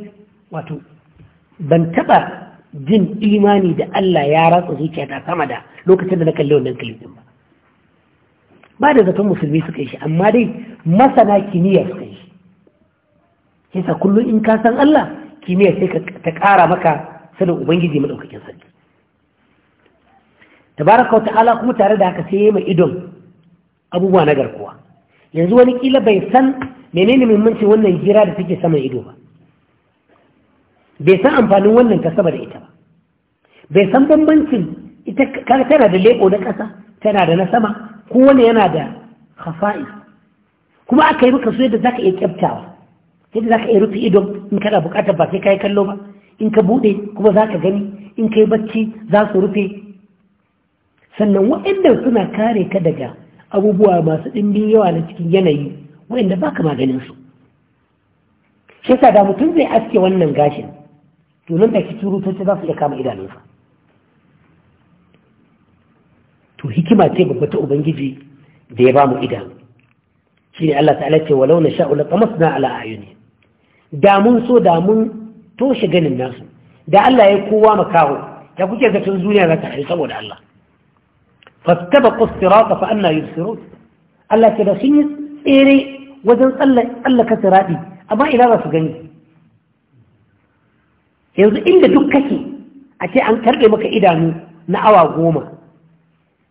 wato ban taɓa jin imani da Allah ya ratsa zuciya ta sama da lokacin da na kalli wannan kalifin ba ba da zaton musulmi suka yi shi amma dai masana kimiyya suka yi Kisa kullum in ka san Allah kimiyya sai ta ƙara maka sanin ubangiji maɗaukakin sarki tabaraka wa ta'ala kuma tare da haka sai ya yi mai idon abubuwa na garkuwa yanzu wani kila bai san menene muhimmancin wannan jira da take saman ido ba bai san amfanin wannan ta sama da ita ba bai san bambancin ita tana da leko na kasa tana da na sama wani yana da hafa'i kuma aka yi maka su yadda za ka iya kyaftawa yadda za ka iya rufe ido in kana bukatar ba sai ka yi kallo ba in ka buɗe kuma za ka gani in ka yi bacci za su rufe sannan waɗannan suna kare ka daga abubuwa masu ɗimbin yawa na cikin yanayi waɗanda ba ka maganinsu shi da mutum zai aske wannan gashin to nan take turutoci za su iya kama idanunsa to hikima ce babba ta ubangiji da ya ba mu idanu shi ne Allah ta'ala ce walau na sha'u la tamasna ala ayuni da mun so da mun toshe ganin nasu da Allah ya kowa makaho da kuke zaton duniya za ta hari saboda Allah fastabaqu as-sirata fa anna yubsirun Allah ke da sun yi tsere wajen tsallaka sirati amma ina za su gani yanzu inda duk kake a ce an karɓe maka idanu na awa goma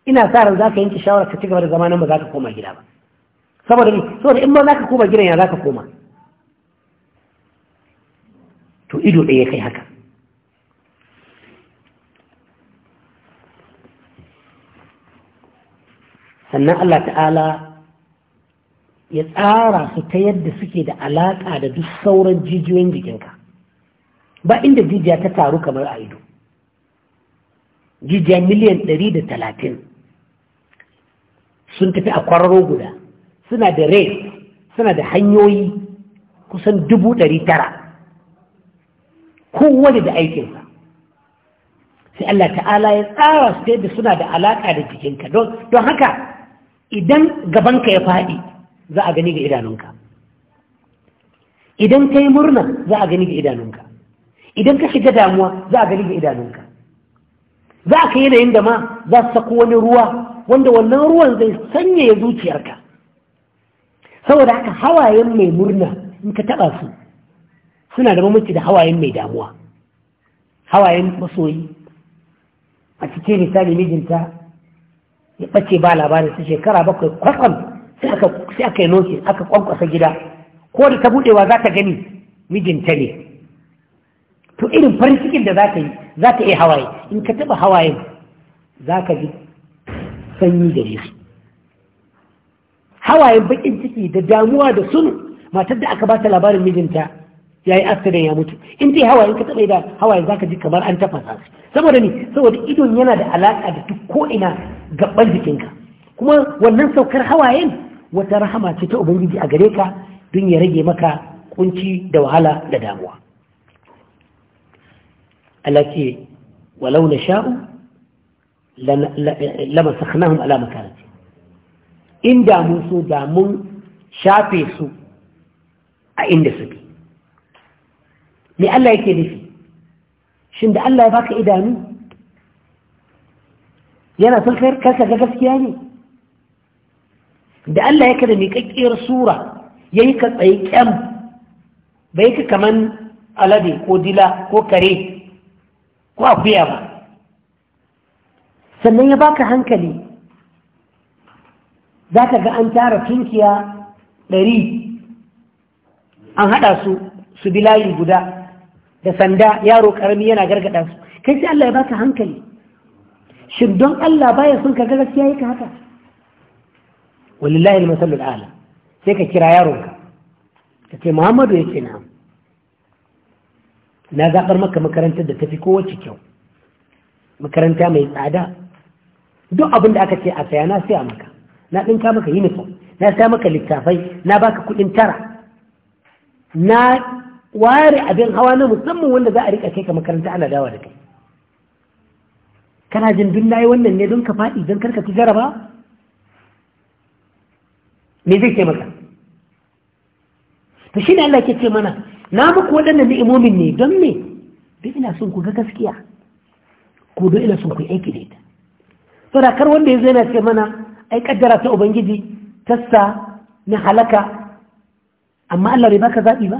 ina sa ran za ka yanke shawara ka ci gaba da zama nan ba za ka koma gida ba saboda ni saboda in ba za ka koma gidan ya za ka koma to ido ɗaya ya kai haka sannan Allah ta'ala ya tsara su ta yadda suke da alaƙa da duk sauran jijiyoyin jikinka ba inda jijiya ta taru kamar a ido jijiya miliyan ɗari da talatin sun tafi a kwararo guda suna da rai suna da hanyoyi kusan dubu ɗari tara kowane da aikinsa sai Allah ta'ala ya tsara su da suna da alaƙa da jikinka don haka idan gabanka ya faɗi za a gani ga idanunka idan ka yi murna za a gani ga idanunka idan ka shiga damuwa za a gani ga idanunka za ka yanayin da ma za su sako wani ruwa wanda wannan ruwan zai sanya ya zuciyarka saboda haka hawayen mai murna in ka taba su suna da mamaci da hawayen mai damuwa hawayen masoyi a cikin misali mijinta ya ɓace ba labarin su shekara bakwai kwatsam sai aka yi noki aka kwankwasa gida ko da ta buɗewa za ta gani mijinta ne to irin farin cikin da za ka yi za ka iya hawaye in ka taɓa hawaye za ka ji sanyi da rishi hawayen bakin ciki da damuwa da sunu matar da aka ba ta labarin mijinta ya yi accident ya mutu in hawaye, in ka taɓa da hawaye, za ka ji kamar an tafasa saboda ne saboda idon yana da alaƙa da duk ko'ina gaban jikinka kuma wannan saukar hawayen wata rahama ce ta ubangiji a gare ka don ya rage maka kunci da wahala da damuwa التي ولو نشاء لمسخناهم على مكانتهم إن دامون سو دامون شافي سو أين سبي لألا يكدفي shin da Allah ya baka idanu yana son karka ga gaskiya ne da Allah ya kada kakkiyar sura ya yi ka tsaye ƙyam bai ka kaman alade ko dila ko kare ko akuya ba sannan ya baka hankali za ka ga an tara tunkiya ɗari an haɗa su su bi layi guda da sanda yaro ƙarami yana gargaɗa su kai sai Allah ya baka hankali shin don Allah baya sun ka ya yi ka haka walillahi al-masalul a'la sai ka kira yaronka ka ce Muhammadu yake na'am na zaɓar maka makarantar da ta tafi kowace kyau makaranta mai tsada duk abin da aka ce a saya na saya maka na ɗinka maka uniform na saya maka littafai na baka kuɗin tara na ware abin hawa na musamman wanda za a riƙa kai ka makaranta ana dawa da kai kana jin duk nayi wannan ne don ka faɗi don karka ci jaraba me zai ce maka to shi ne Allah ke ce mana na muku waɗannan ni'imomin ne don me duk ina son ku ga gaskiya ko don ina son ku aiki da ita saboda kar wanda ya zai na ce mana ai kaddara ta ubangiji tassa na halaka amma Allah bai baka zaɓi ba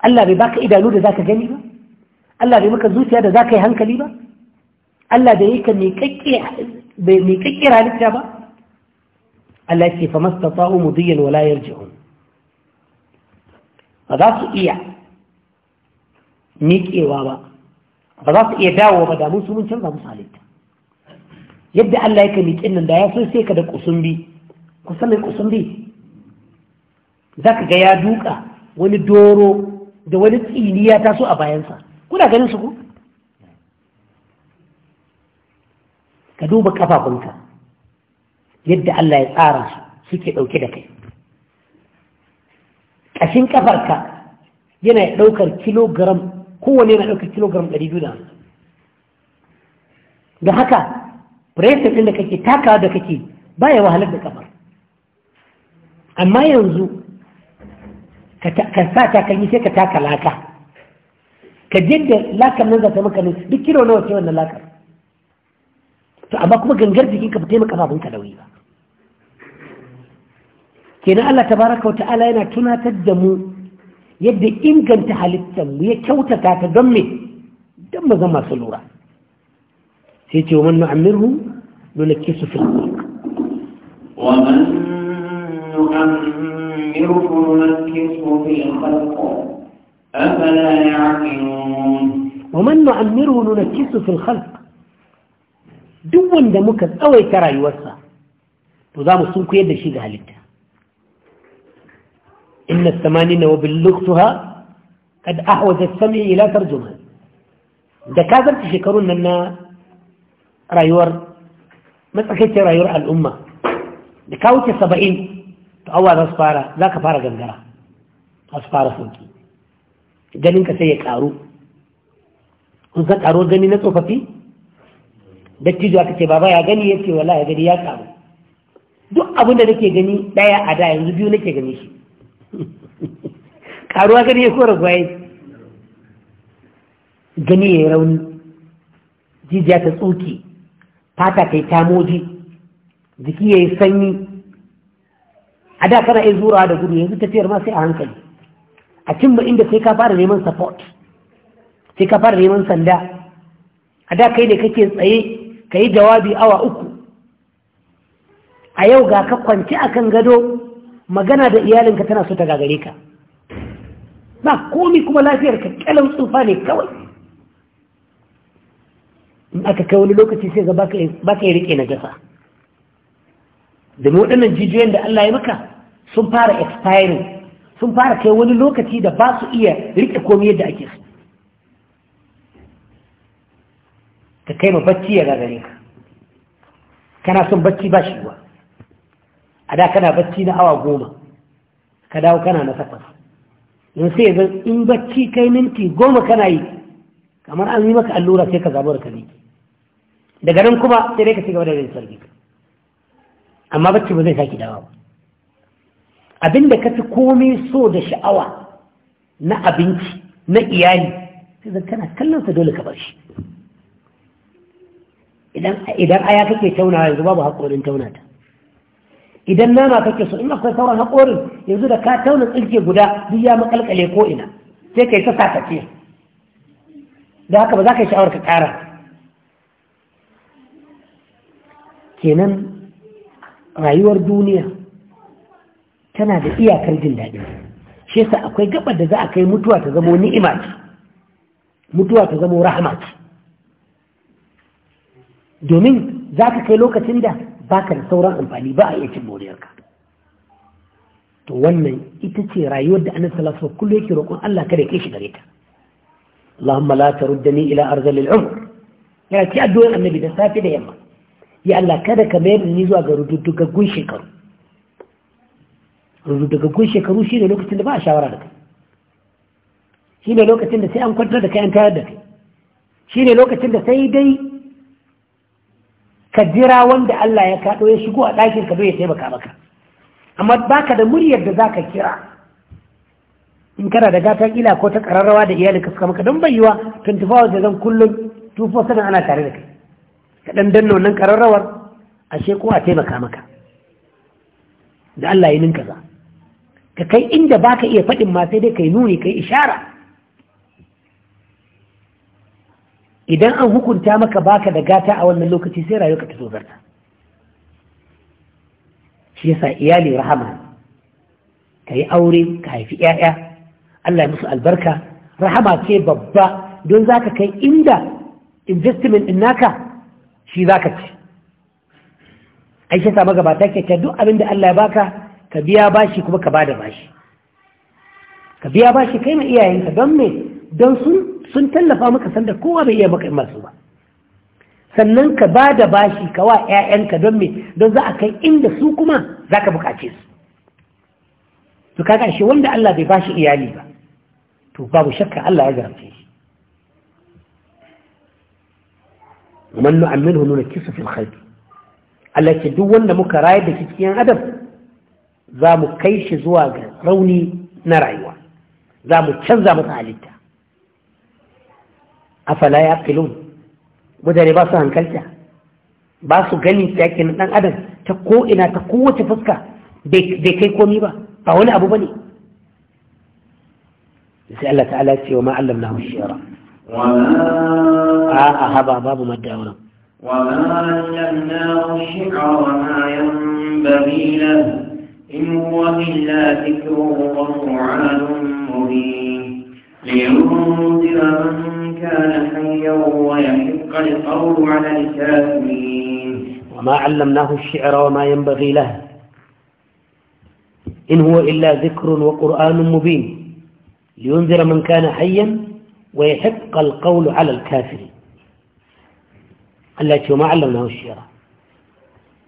Allah bai baka idanu da zaka gani ba Allah bai maka zuciya da zaka yi hankali ba Allah da yake mai kakkira halitta ba Allah ya ce fa mastata'u mudiyan wala yarji'un ba za su iya miƙewa ba ba za su iya dawo ba damun su mun canza musu halitta yadda Allah ya kami nan da ya so sai ka da kusumbi kusan mai kusumbi za ka ga ya duka wani doro da wani tsiniya ta so a bayansa kuna ganin su ku ka duba kafafunka yadda Allah ya tsara su suke ɗauke da kai ƙashin ƙafarka yana ɗaukar kilogram kowane yana ɗaukar kilogram 200 da haka pressure ɗin da kake takawa da kake baya wahalar da ƙafar amma yanzu ka sa takalmi sai ka taka laka ka jidda lakar nan za ta maka ne duk kilo nawa ce wannan lakar to amma kuma gangar jikinka ba taimaka da nauyi ba kenan Allah tabaraka wa ta'ala yana tunatar da mu yadda inganta halittar mu ya kyautata ta don me don mu zama su lura sai ce wa man nu'ammirhu nunakkisu fil khulq wa man nu'ammirhu nunakkisu fil khalq afala ya'qilun wa man nu'ammirhu nunakkisu fil khalq duk wanda muka tsawaita rayuwarsa to za mu sun koyar da shi ga halitta إن الثمانين وبلغتها قد أحوز السمع إلى ترجمة da ka zarta shekarun nan na rayuwar matsakaicin rayuwar al'umma da ka wuce saba'in ta awa za su fara za ka fara gangara za su fara ganin ka ya kun san karuwar gani na tsofaffi dattijo aka ce baba ya gani ya ce wala ya gani ya karu duk abin da nake gani daya a da yanzu biyu nake gani shi ƙaruwa gani ya kora gwaye gani ya yi rauni jijiya ta tsuki fata ta yi tamoji jiki ya yi sanyi a da kana iya zurawa da gudu yanzu tafiyar ma sai a hankali a cin ba inda sai ka fara neman support sai ka fara neman sanda a da kai ne kake tsaye ka yi jawabi awa uku a yau ga ka a kan gado magana da iyalinka tana so ta gagare ka ba komi kuma lafiyar ka kyalan tsufa ne kawai in aka kai wani lokaci sai ga baka yi rike na gasa da waɗannan jijiyoyin da Allah ya maka sun fara expiring sun fara kai wani lokaci da ba su iya rike komi yadda ake su ka kai ma bacci ya gagare ka kana son bacci ba shi ba. a da kana bacci na awa goma ka dawo kana na takwas in sai zan in bacci kai minti goma kana yi kamar an yi maka allura sai ka zabar ka ne daga nan kuma sai dai ka ci gaba da yin amma bacci ba zai sake dawa ba abinda ka fi komai so da sha'awa na abinci na iyali sai zan kana kallon sa dole ka bar shi idan aya kake taunawa yanzu babu haƙorin taunata idan nama kake so in akwai sauran haƙorin yanzu da ka tauna tsirke guda duk ya makalkale ko ina sai kai ta sakace da haka ba za ka yi sha'awar ka ƙara kenan rayuwar duniya tana da iyakar jin daɗi shi yasa akwai gabar da za a kai mutuwa ta zamo ni'ima ce mutuwa ta zamo rahama ce domin za ka kai lokacin da baka da sauran amfani ba a iya cin moriyarka to wannan ita ce rayuwar da annabi sallallahu alaihi wasallam yake roƙon Allah kada kai shi gare ta Allahumma la taruddani ila al umr ya ci addu'ar annabi da safi da yamma ya Allah kada ka mayar ni zuwa ga rududdugaggun shekaru rududdugaggun shekaru shine lokacin da ba a shawara da kai shine lokacin da sai an kwantar da kai an tayar da kai shine lokacin da sai dai ka jira wanda Allah ya kaɗo ya shigo a ɗakin ka ya taimaka maka amma baka da muryar da zaka kira in kana da gata kila ko ta kararrawa da iyali ka maka don bai yiwa 24 hours da zan kullum tufo ana tare da kai ka dan danna wannan kararrawar ashe ko a taimaka maka da Allah ya ninka za ka kai inda baka iya faɗin ma sai dai kai nuni kai ishara idan an hukunta maka baka da gata a wannan lokaci sai rayuwa ta tozarta shi yasa iyali rahama ka yi aure ka haifi 'ya'ya Allah ya musu albarka rahama ce babba don za ka kai inda investment ɗin naka shi za ka ci aishe sa magabata ke ta duk abin da Allah ya baka ka biya bashi kuma ka bada bashi ka biya bashi kai ma iyayenka don me don sun tallafa maka sanda kowa bai iya maka masu ba sannan ka ba da bashi ka wa 'ya'yanka don me don za a kai inda su kuma za ka bukace su to kaga shi wanda Allah bai bashi iyali ba to babu shakka Allah ya garance shi man nu'amminhu nunkisu fil khalq Allah ce duk wanda muka rayar da cikin adam za mu kai shi zuwa ga rauni na rayuwa za mu canza masa halitta أفلا يعقلون مدري باسو هنكلتا باسو غني تاكي نتان أدن تقو إنا تقوة تفسكا بكي كومي با طاولة أبو بني يسأل الله تعالى سي وما علمناه الشعر وما آه، أهبا آه، باب ما داولا وما علمناه الشعر وما ينبغي له إن هو إلا ذكره ومعاد مبين لينذر من كان حيا ويحق القول على الكافرين وما علمناه الشعر وما ينبغي له إن هو إلا ذكر وقرآن مبين لينذر من كان حيا ويحق القول على الكافرين التي وما علمناه الشعر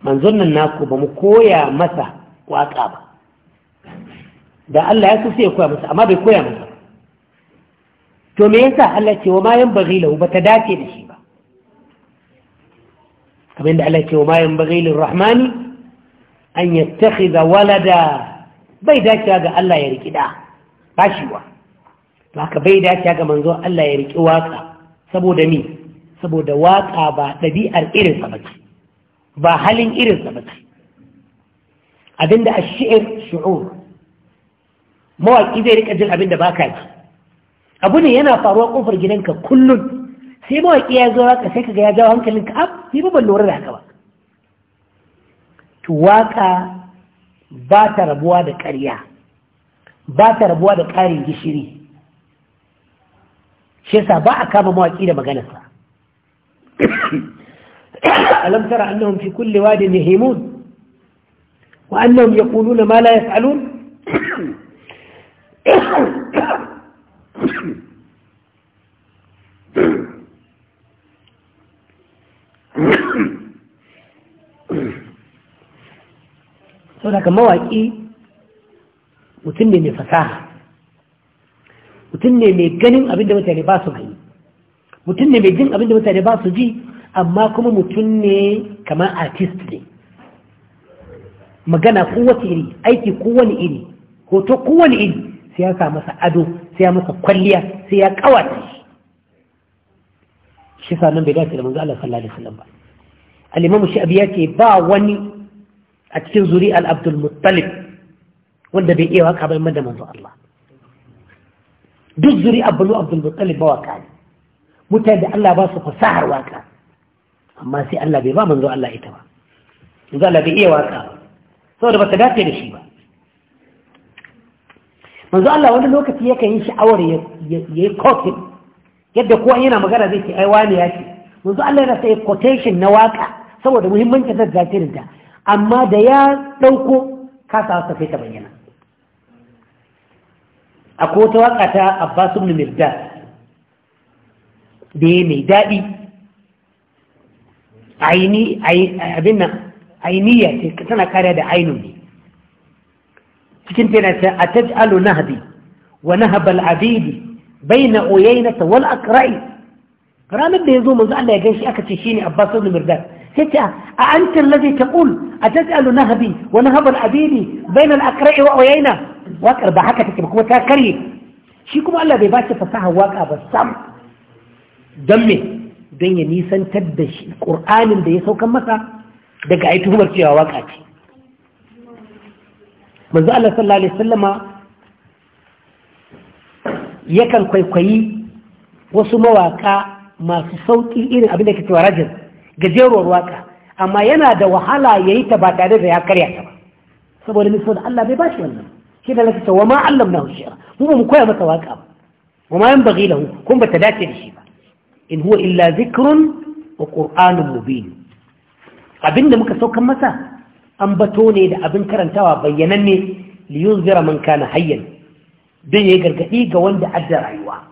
من ظن الناس بمكويا مسا وأكابا ده الله يسوسي يكويا مسا ما بيكويا مسا to me yasa Allah ce wa ma yanbaghi lahu bata dace da shi ba kamar da Allah ce wa ma yanbaghi rahmani an yattakhidha walada bai dace ga Allah ya riki da bashi to haka bai dace ga manzo Allah ya riki waka saboda me saboda waka ba dabi'ar irin sa bace ba halin irin sa bace abinda ash-shi'r shu'ur mawaki zai rika jin abinda baka ji abu ne yana faruwa kofar gidanka kullum sai mawaƙi ya zo waka sai kaga ya jawo hankalin ka ni ba ban lura da haka ba to waka ba ta rabuwa da ƙarya ba ta rabuwa da ƙarin gishiri shi yasa ba a kama mawaƙi da maganarsa alam tara annahum fi kulli wadin yahimun wa annahum yaquluna ma la yaf'alun saboda ka mawaƙi mutum ne mai fasaha mutum ne mai ganin abin da mutane ba su gani mutum ne mai jin abin da mutane ba su ji amma kuma mutum ne kamar artist ne magana kowace iri aiki kowane iri hoto kowane iri sai ya sa masa ado sai ya masa kwalliya sai ya kawata shi sa nan bai dace da manzo Allah sallallahu alaihi wasallam ba al imam shi abiya ce ba wani a cikin zuri al'abdul muttalib wanda bai iya waka bai mada manzo Allah duk zuri abbanu abdul muttalib ba waka ne mutane da Allah ba su fasahar waka amma sai Allah bai ba manzo Allah ita ba manzo Allah bai iya waka ba saboda ba ta dace da shi ba manzo Allah wani lokaci yakan yi sha'awar ya yi kotin yadda kowa yana magana zai ce ai wani ya ce manzo Allah yana sai quotation na waka saboda muhimmancin da zakirinta amma da ya ɗauko kasa wasa sai ta bayyana a kota waka ta abbas ibn da ya mai daɗi abin ainiya ce tana kariya da ainihin ne cikin tana ce a na nahdi wa nahabal abidi baina uyayna wal aqra'i ranar da zo manzo Allah ya shi aka ce shi ne ibn Mirdad A a na ستة أأنت الذي تقول أتسأل نهبي ونهب العبيد بين الأقرع وأوينا واقع بحكة تكبكوة كاري شيكم الله بيباش فصاحة واقع بسام دمي don ya nisantar da shi ƙur'anin da ya saukan masa daga aiki tuhumar cewa waka ce manzo Allah sallallahu alaihi wasallama yakan kwaikwayi wasu mawaƙa masu sauƙi irin abin da ke cewa gajeruwar waka amma yana da wahala ya yi ta ba tare da ya karya ta ba saboda ni saboda Allah bai bashi wannan shi da lafiya wa ma Allah na hushiya mu ba mu koya masa waka ba wa ma yan bagi lahu kun ba ta dace da shi ba in huwa illa zikrun wa qur'anun mubin abinda muka saukan masa an bato ne da abin karantawa bayyananne liyun zira man kana hayyan don ya gargaɗi ga wanda adda rayuwa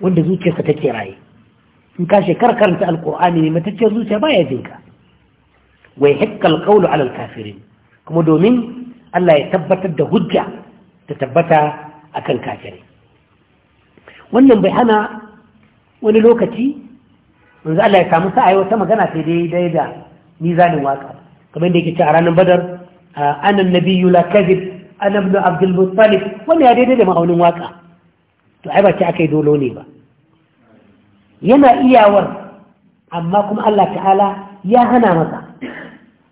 wanda zuciyarsa take raye in ka shekar karanta al ne matacciyar zuciya baya ya jinka. wai hikkal ƙaunar alal kafirin kuma domin Allah ya tabbatar da hujja ta tabbata akan kafirai wannan bai hana wani lokaci wanzu Allah ya samu sa'ai wata magana sai dai dai da nizanin waka kamar da yake a ranar badar anan nabiyyu la kadhib ana abdul ya daidai da ma'aunin waka to ai ba ce akai dolo ne ba yana iyawar amma kuma Allah ta'ala ya hana masa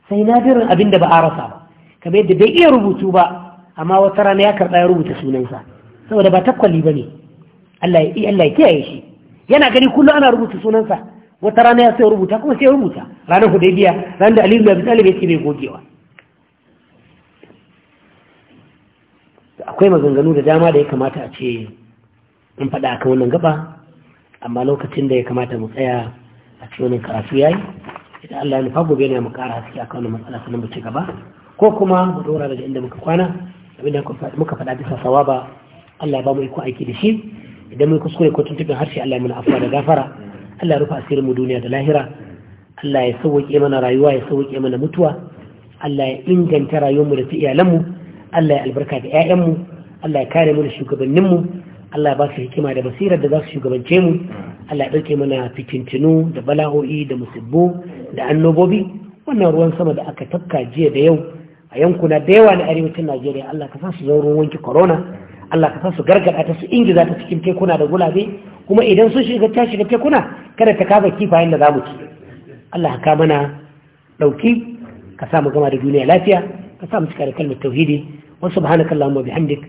sai nadirin abin da ba a rasa ba kamar yadda bai iya rubutu ba amma wata rana ya karɓa ya rubuta sunansa saboda ba takwali ba ne Allah ya kiyaye shi yana gani kullum ana rubuta sunansa wata rana ya sai rubuta kuma sai rubuta ranar hudaybiya ranar da alilu bin talib yake bai gogewa akwai maganganu da dama da ya kamata a ce in faɗa akan wannan gaba amma lokacin da ya kamata mu tsaya a cikin karatu yayi idan Allah ya nufa gobe mu ƙara haske akan wannan matsala sannan mu ci gaba ko kuma mu dora daga inda muka kwana abinda muka faɗa bisa sawaba Allah ya ba mu iko aiki da shi idan mun kuskure ko tuntuɓin harshe Allah ya mana afuwa da gafara Allah ya rufa asirin mu duniya da lahira Allah ya sauƙe mana rayuwa ya sauƙe mana mutuwa Allah ya inganta rayuwarmu da ta iyalanmu Allah ya albarka da 'ya'yanmu Allah ya kare mu da shugabanninmu Allah ba su hikima da basirar da za su shugabance mu Allah ya ɗauke mana fitintinu da bala'o'i da musibbu da annobobi wannan ruwan sama da aka tafka jiya da yau a yankuna da yawa na arewacin Najeriya Allah ka sa su zo ruwan wanki corona Allah ka sa su gargada ta su ingiza ta cikin tekuna da gulabe kuma idan sun shiga ta shiga tekuna kada ta kafa kifayen da zamu ci Allah ka mana dauki ka sa mu gama da duniya lafiya ka sa mu cika da kalmar tauhidi wa subhanakallahumma bihamdika